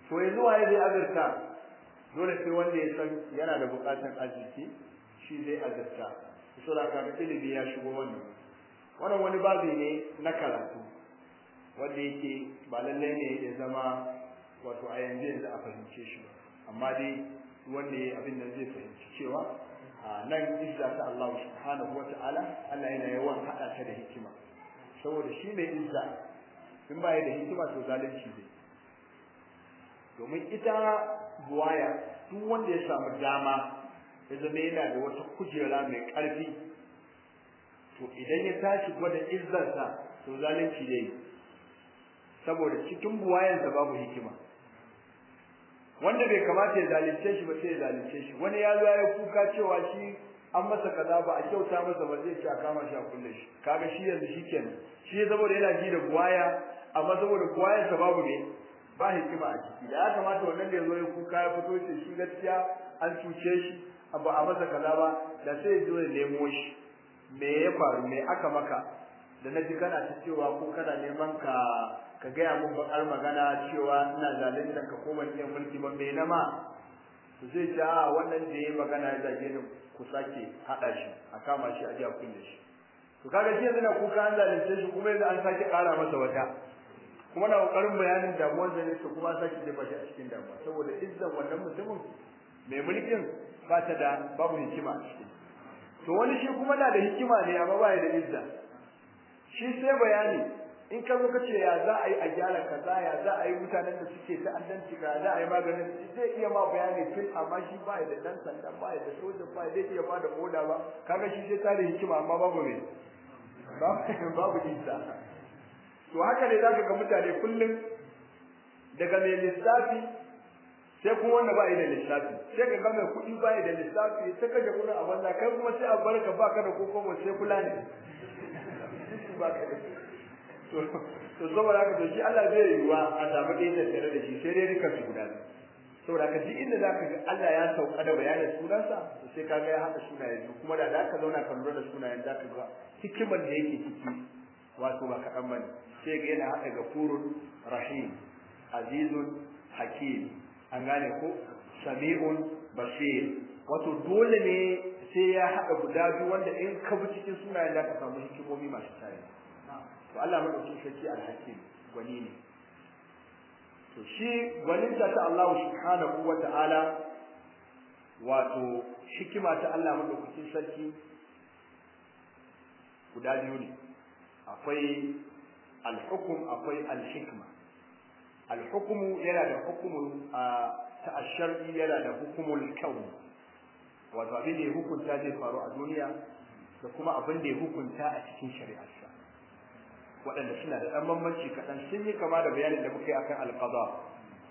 to yanzu ya zai azurta dole sai wanda ya san yana da buƙatar arziki shi zai azurta saboda ka ilimi ya shigo wani. wannan wani babi ne na karatu wanda yake ba lallai ne ya zama wato a yanzu yanzu a fahimce shi ba amma dai wanda ya abin da zai fahimci cewa Ah, nan izza ta Allah subhanahu ta'ala Allah yana yawan hada ta da hikima saboda shi ne izza in ba da hikima to zalunci ne domin ita buwaya duk wanda ya samu dama ya zama yana da wata kujera mai karfi to idan ya tashi gwada izzarsa to zalunci ne saboda cikin buwayansa babu hikima wanda bai kamata ya zalunce shi ba sai ya zalunce shi wani ya zo ya kuka cewa shi an masa kaza ba a kyauta masa ba zai ci a kama shi a kulle shi kaga shi yanzu shi kenan shi saboda yana ji da buwaya amma saboda sa babu ne ba hikima a ciki da ya kamata wannan da ya zo ya kuka ya fito shi shi gaskiya an cuce shi ba a masa kaza ba da sai ya zo ya nemo shi me ya faru me aka maka da na ji kana ta cewa ko kana neman ka ka gaya mun bakar magana cewa ina da ka koma cikin mulki ba bai na to zai ce a wannan da ya magana ya zage ni ku sake hada shi a kama shi a ji a da shi to kaga shi yanzu na kuka an zalunce shi kuma yanzu an sake kara masa wata kuma na kokarin bayanin damuwar da ne to kuma an sake jefa shi a cikin damuwa saboda izzan wannan mutumin mai mulkin ba ta da babu hikima a cikin to wani shi kuma na da hikima ne amma ba ya da izza shi sai bayani in ka zo ka ce ya za a yi a gyara kaza ya za a yi mutanen da suke ta'addanci ka za a yi maganin zai iya ma bayani tun amma shi ba ya da dan sanda ba ya da soja ba zai iya ba da koda ba kaga shi sai tare hikima amma babu me babu isa to haka ne zaka ga mutane kullum daga mai lissafi sai kuma wanda ba yi da lissafi sai ka ga mai kuɗi ba yi da lissafi sai ka je kuna a banza kai kuma sai a barka ka da kokobo sai kula ne ba ka da to saboda haka ka shi Allah zai yiwa a samu ɗaya da tare da shi sai dai rika su guda saboda ka ji inda zaka ga Allah ya sauka da bayanin sunansa to sai ga ya haɗa sunayen su kuma da zaka zauna ka lura da sunayen zaka ga hikimar da yake ciki wato ba kaɗan bane sai ga yana haɗa gafurun rahim azizun hakim an gane ko sami'un basir wato dole ne sai ya haɗa guda biyu wanda in ka bi cikin sunayen ka samu hikimomi masu tarihi to Allah madaukin sarki alhakim gwani ne to shi gwaninta ta Allah subhanahu wa ta'ala wato hikima ta Allah madaukakin sarki guda biyu ne akwai alhukum akwai alhikma alhukumu yana da hukumul ta ashar'i yana da hukumul kauni wato abin da ya hukunta zai faru a duniya da kuma abin da ya hukunta a cikin shari'arsa waɗanda suna da ɗan bambanci kaɗan sun yi kama da bayanin da muka yi akan alƙada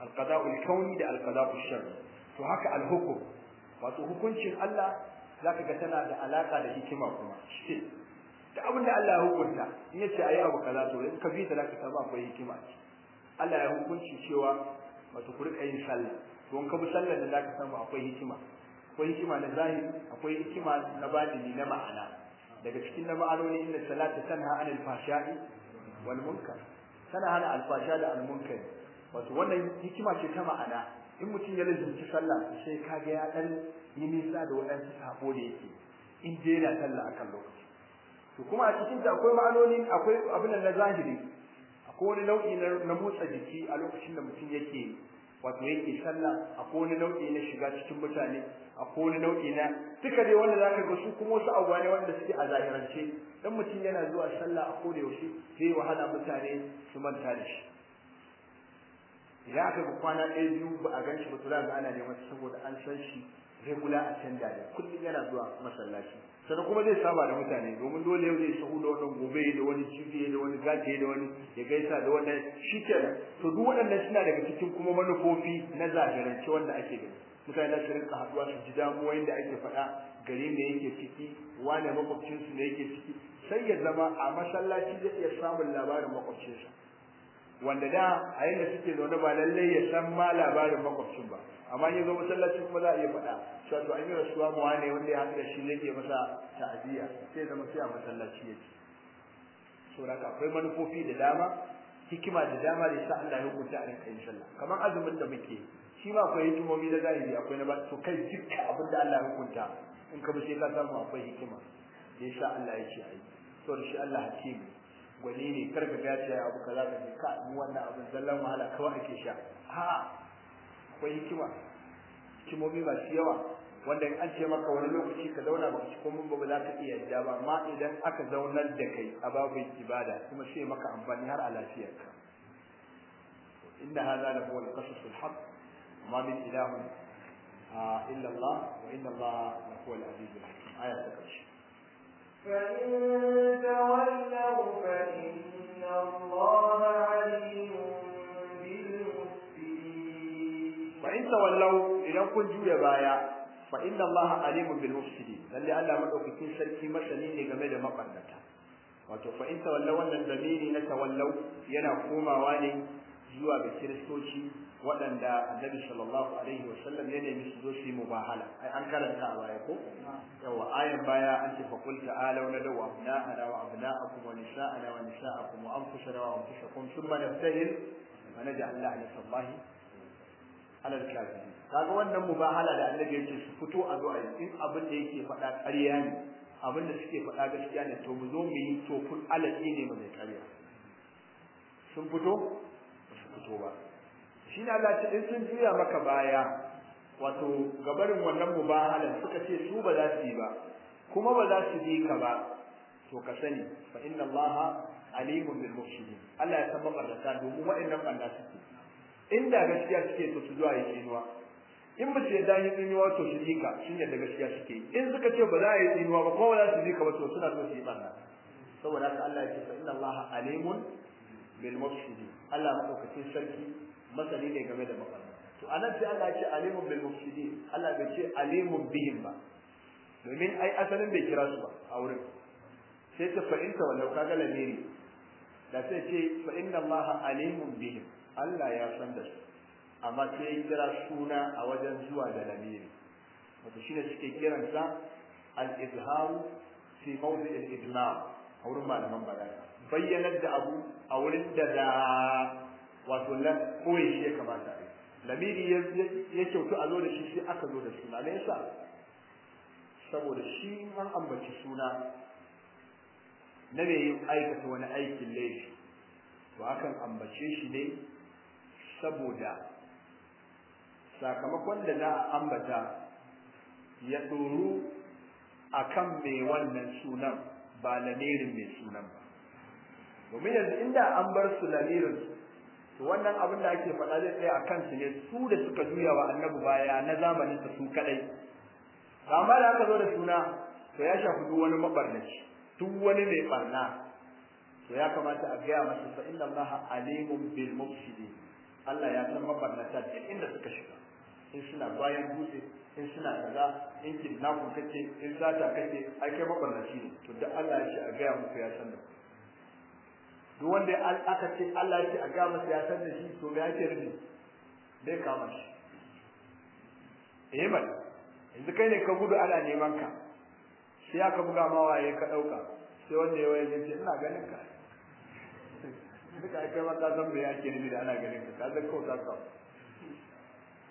alƙada ulkauni da alƙada ushar to haka alhukum wato hukuncin Allah zaka ga tana da alaƙa da hikima kuma shi da abin da Allah ya hukunta in ya ce a yi abu kaza to in ka bi ta zaka samu akwai hikima Allah ya hukunci cewa wato ku rika yin sallah to in ka bi sallar da zaka samu akwai hikima akwai hikima na zahiri akwai hikima na batini na ma'ana daga cikin na ma'anoni inna salata tanha anil fahsha'i wal munkar tana hana alfasha da al munkar wato wannan hikima ce ta ma'ana in mutum ya lazumci sallah sai ka ga ya dan yi nisa da waɗansu sabo da yake in je da sallah akan lokaci to kuma a cikin ta akwai ma'anoni akwai abin na zahiri akwai wani nau'i na motsa jiki a lokacin da mutum yake wato yake sallah akwai wani nau'i na shiga cikin mutane akwai wani nau'i na duka dai wanda zaka ga su kuma wasu abuwa ne wanda suke a zahirance dan mutum yana zuwa sallah a koda yaushe zai wahala mutane su manta da shi idan aka ga kwana ɗaya biyu ba a gan shi ba to za ana neman saboda an san shi regular attender ne kullum yana zuwa masallaci sannan kuma zai saba da mutane domin dole yau zai sahu da wannan gobe da wani cibi da wani gaje da wani ya gaisa da wannan shikenan to duk waɗannan suna daga cikin kuma manufofi na zahirance wanda ake da mutane za su rinka haɗuwa su ji damuwa da ake faɗa gari da yake ciki wane makwabcinsu da yake ciki sai ya zama a masallaci zai iya samun labarin makwabcinsa wanda da a yanda suke zaune ba lallai ya san ma labarin makwabcin ba amma ya zo masallaci kuma za a iya faɗa cewa to an yi rasuwa mu wane wanda ya haɗu da shi yake masa ta'aziyya sai zama sai a masallaci yake saboda akwai manufofi da dama hikima da dama da yasa Allah ya hukunta a rinka yin sallah kamar azumin da muke shi ma akwai hikimomi na zahiri akwai na to kai dukkan abin da Allah ya hukunta in ka bi sai ka samu akwai hikima da yasa Allah ya ce ayi saboda shi Allah hakimi gwani ne kar ka gaci abu kaza ka ka mu wannan abin zallan wahala kawai ake sha ha akwai hikima hikimomi masu yawa wanda in an ce maka wani lokaci ka zauna ba ci komai ba za ka iya yadda ba amma idan aka zaunar da kai a babu ibada kuma sai maka amfani har a ka inna hadha la huwa al-qasas al-haq ma min ilahun ah, illa Allah wa inna Allah huwa al-aziz al-hakim aya ta فإن تولوا إذا كن جوية بايا فإن الله عليم بالمفسدين للي ألا مدعوكتين سلكي مسنين جميل مقنتا wato fa in tawallau wannan damiri na tawallau yana komawa ne zuwa ga kiristoci waɗanda annabi sallallahu alaihi wa sallam ya nemi su zo su yi mubahala ai an karanta a baya ko yawa ayan baya an ce fa qul ta'alu na dawa abna'ana wa abna'akum wa nisa'ana wa nisa'akum wa anfusana wa anfusakum thumma naftahil wa naj'al la'nata allahi ala al-kafirin kaga wannan mubahala da annabi yake su fito a zo a yi in abin da yake faɗa ƙarya ne abin da suke faɗa gaskiya ne to mu zo mu yi to kun alaƙi ne mu mai ƙarya sun fito ba su fito ba shine Allah ce in sun juya maka baya wato gabarin wannan mubahalan suka ce su ba za su yi ba kuma ba za su bi ka ba to ka sani fa inna Allah alimun bil mufsidin Allah ya san mabarrata domin wa'annan banda suke inda gaskiya suke to su zuwa yi tsinuwa in ba su yarda yi tsinuwa to su bi ka shin yadda gaskiya suke in suka ce ba za a yi tsinuwa ba kuma ba za su bi ka ba to suna so su yi banda saboda haka Allah ya ce fa inna Allah alimun bil mufsidin Allah madaukakin sarki masani ne game da mafarna to anan sai Allah ya ce alimun bil mufsidin Allah bai ce alimun bihim ba domin ai asalin bai kira su ba a wurin sai ta fa'inta wannan kaga lamiri da sai ce fa inna Allah alimun bihim Allah ya san da su amma sai ya kira suna a wajen zuwa da lamiri wato shine suke kiransa al-izharu fi mawdi al idlam a wurin malaman balaga bayyanar da abu a wurin da da wato la ko ya ya kamata lamiri ya kyautu a zo da shi sai aka zo da suna ne yasa saboda shi an ambaci suna na mai aikata wani aikin laifi to akan ambace shi ne saboda sakamakon da za a ambata ya ɗoru a kan mai wannan sunan ba lamirin mai sunan ba domin yanzu inda an bar su lamirin to wannan abin da ake faɗa zai tsaye a su ne su da suka juya wa annabi baya na zamanin sa su kadai amma da aka zo da suna to ya shafi duk wani mabarnaci duk wani mai barna to ya kamata a gaya masa fa inna allaha alimun bil mufsidin Allah ya san mabarnata duk inda suka shiga in suna bayan dutse in suna kaza in kidnapping kake in zata kake ai kai mabarnaci ne to duk Allah ya ce a gaya muku ya san da ku duk wanda aka ce Allah ya ce a gama sai ya san da shi to ga ke rubi bai kama shi eh mal yanzu kai ne ka gudu ana neman ka sai aka buga ma waye ka dauka sai wanda ya waye ce ina ganin ka duka ka kai ma ka san me ya ke rubi da ana ganin ka ka san ko ka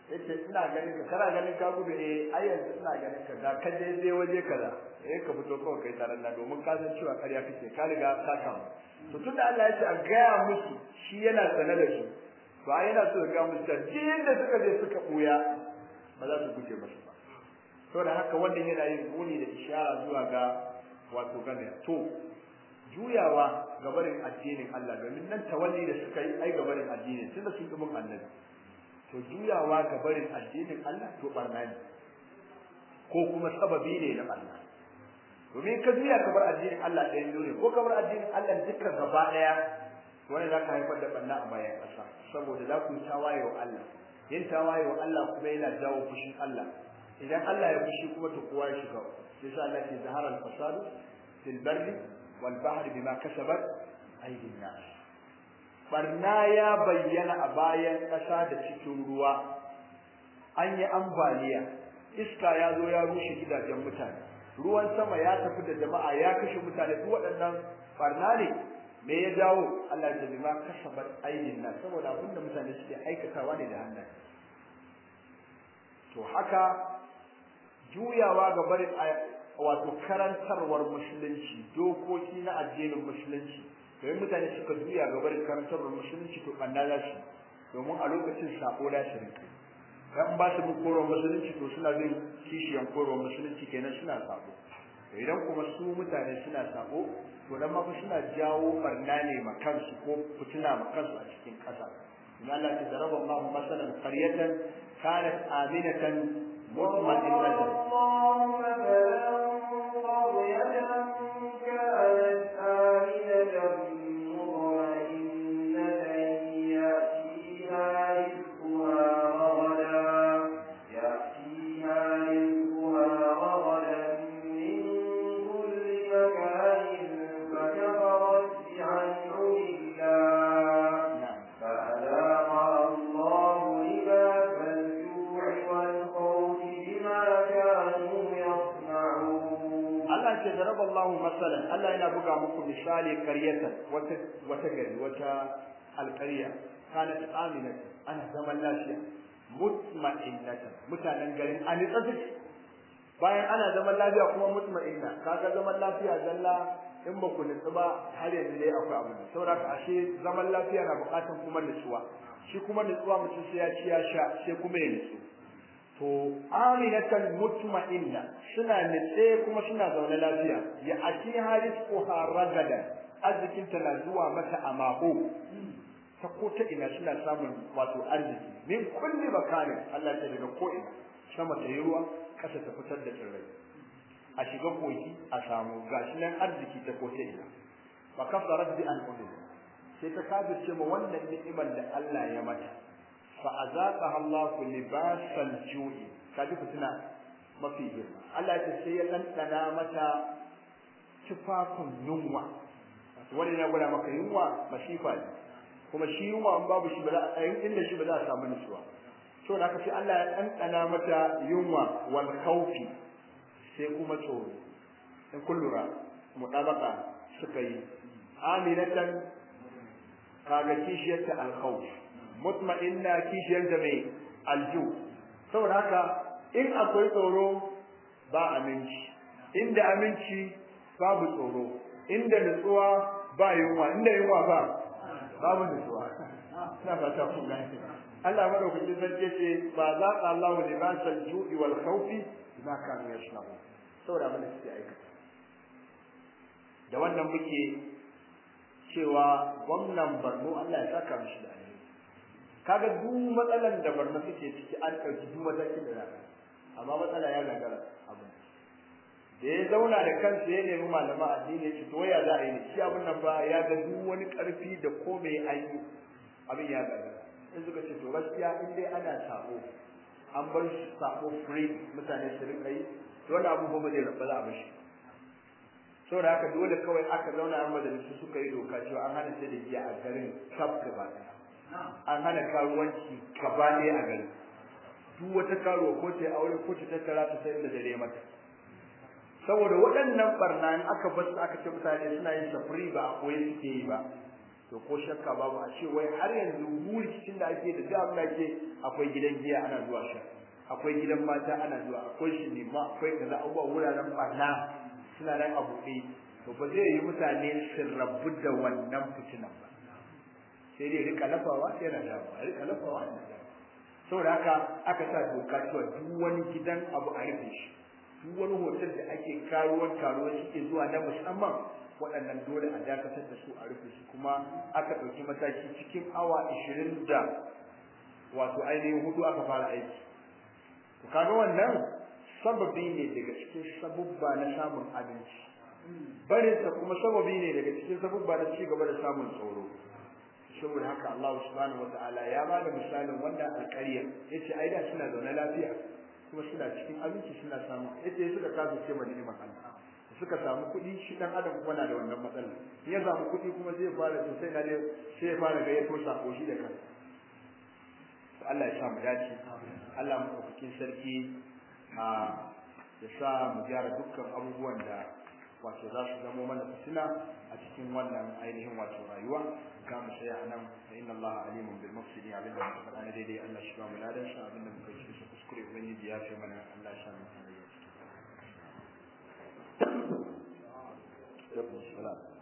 yace ina ganin ka kana ganin ka gudu eh ai yanzu ina ganin ka da ka je je waje kaza eh ka fito kawai kai taron na domin ka san cewa kariya kake ka riga ka kama to tun da Allah ya ce a gaya musu shi yana sane da su to ai yana so ya gaya musu jin da suka je suka buya ba za su guje masa ba da haka wannan yana yin buni da ishara zuwa ga wato gane to juyawa gabarin addinin Allah domin nan tawalli da suka yi ai gabarin addinin da sun dubun annabi to juyawa gabarin addinin Allah to barna ne ko kuma sababi ne na Allah. domin ka juya ka bar addinin Allah ɗayan dole ko ka bar addinin Allah duka gaba ɗaya wani za ka haifar da ɓanna a bayan ƙasa saboda za ku yi tawaye Allah yin tawaye wa Allah kuma yana jawo fushin Allah idan Allah ya fushi kuma ta kowa ya shiga sa Allah ke zahara al fasadu fil barri wal bahri bima kasabat aydin nas barna ya bayyana a bayan ƙasa da cikin ruwa an yi ambaliya iska ya zo ya rushe gidajen mutane ruwan sama ya tafi da jama'a ya kashe mutane duk waɗannan barna ne me ya jawo Allah ya kashe bar aidin nan saboda abin da mutane suke aikatawa ne da hannu. to haka juyawa ga barin wato karantarwar musulunci dokoki na addinin musulunci domin mutane suka juya ga barin karantarwar musulunci to ɓanna za su domin a lokacin saƙo da su dan ba su bi musulunci to suna bin kishiyan koro musulunci kenan suna sako idan kuma su mutane suna sako to dan mafi suna jawo barna ne ma kansu ko fitina ma kansu a cikin ƙasa in Allah ta zaraba Allah masalan qaryatan kanat aminatan mu'minatan Allahu masalan qaryatan buga muku misali karyata wata wata gari wata alƙarya kana amina ana zaman lafiya mutma'inna mutanen garin an tsafi bayan ana zaman lafiya kuma mutma'inna kaga zaman lafiya zalla in ba ku nutsu ba har yanzu dai akwai abu da saboda ashe zaman lafiya na buƙatar kuma nutsuwa shi kuma nutsuwa mutum sai ya ci ya sha sai kuma ya nutsu to aminatan mutma'inna suna nitse kuma suna zaune lafiya ya aki ko haragada arzikin ta na zuwa mata a mako ta ko ta ina suna samun wato arziki min kulli makanin Allah ta daga ko ina sama ta yi ruwa kasa ta fitar da tsirrai a shiga koki a samu gashi nan arziki ta ko ta ina fa kafarat bi an sai ta kabirce ma wannan ni'imar da Allah ya mata fa azaqaha Allahu libasal ju'i kaji fitina mafi girma Allah ya sai ya ɗanɗana mata tufafin yunwa wani na gwada maka yunwa mashifa ne kuma shi yunwa in babu shi ba za a inda shi samu nutsuwa to da kace Allah ya ɗanɗana mata yunwa wal khawfi sai kuma tsoro in kun lura suka yi al mutma'inna kishiyar da mai aljo saboda haka in akwai tsoro ba aminci inda aminci babu tsoro inda nutsuwa ba yunwa inda yunwa ba babu nutsuwa ina fata ku gane Allah madaukakin sarki ce ba za ka Allah ba san juɗi wal khawfi bima kanu yashnahu saboda mun ci suke aikata da wannan muke cewa gwamnan barno Allah ya saka mishi da kaga duk matsalan da barna suke ciki an ɗauki duk matakin da za amma matsala ya gagara abin da ya zauna da kansa ya nemi malama addini ya ce to ya za a yi shi abin nan ba ya ga duk wani ƙarfi da ko mai ayi abin ya gagara in suka ce to gaskiya in dai ana sabo an bar shi sabo free mutane su rinka yi to wani abu ba zai rabu za a bashi da haka dole kawai aka zauna a majalisu suka yi doka cewa an hana sai da giya a garin kaf ba. ɗaya an hana karuwanci kaba ne a gari duk wata karuwa ko ta aure ko ta tattara ta sai da dare mata saboda waɗannan barna in aka bar su aka ce mutane suna yin safari ba a koyi suke yi ba to ko shakka babu a ce wai har yanzu wuri da ake da duk a ake akwai gidan giya ana zuwa sha akwai gidan mata ana zuwa akwai shi ma akwai kaza abubuwa wuraren barna suna nan a buɗe to ba zai yi mutane su rabu da wannan fitinan ba sai dai rika lafawa yana dawowa rika lafawa yana damuwa. saboda haka aka sa doka cewa duk wani gidan abu a rufe shi duk wani hotel da ake karuwan karuwan shi ke zuwa na musamman waɗannan dole a dakatar da su a rufe shi, kuma aka ɗauki mataki cikin awa ashirin da wato ainihin hudu aka fara aiki to kaga wannan sababi ne daga cikin sabubba na samun abinci barinsa kuma sababi ne daga cikin sabubba na cigaba da samun tsoro saboda haka Allah subhanahu ya ba da misalin wanda alƙarya yace ai da suna zaune lafiya kuma suna cikin abinci suna samu ya suka kasu ce ma ni'imar Allah suka samu kuɗi shi dan adam kuma na da wannan matsalar ya samu kuɗi kuma zai fara to sai na sai ya fara ga ya to sako shi da kansa Allah ya sa mu dace Allah mu ɗaukakin sarki a ya sa mu gyara dukkan abubuwan da wato za su zamo mana fitina a cikin wannan ainihin wato rayuwa كان شيعنا فان الله عليم بالمفسد يعلم انا لدي ان الشباب لا ينشا من المكشف اذكر ابن دياس ومن لا شان من عليه. يقول الصلاه.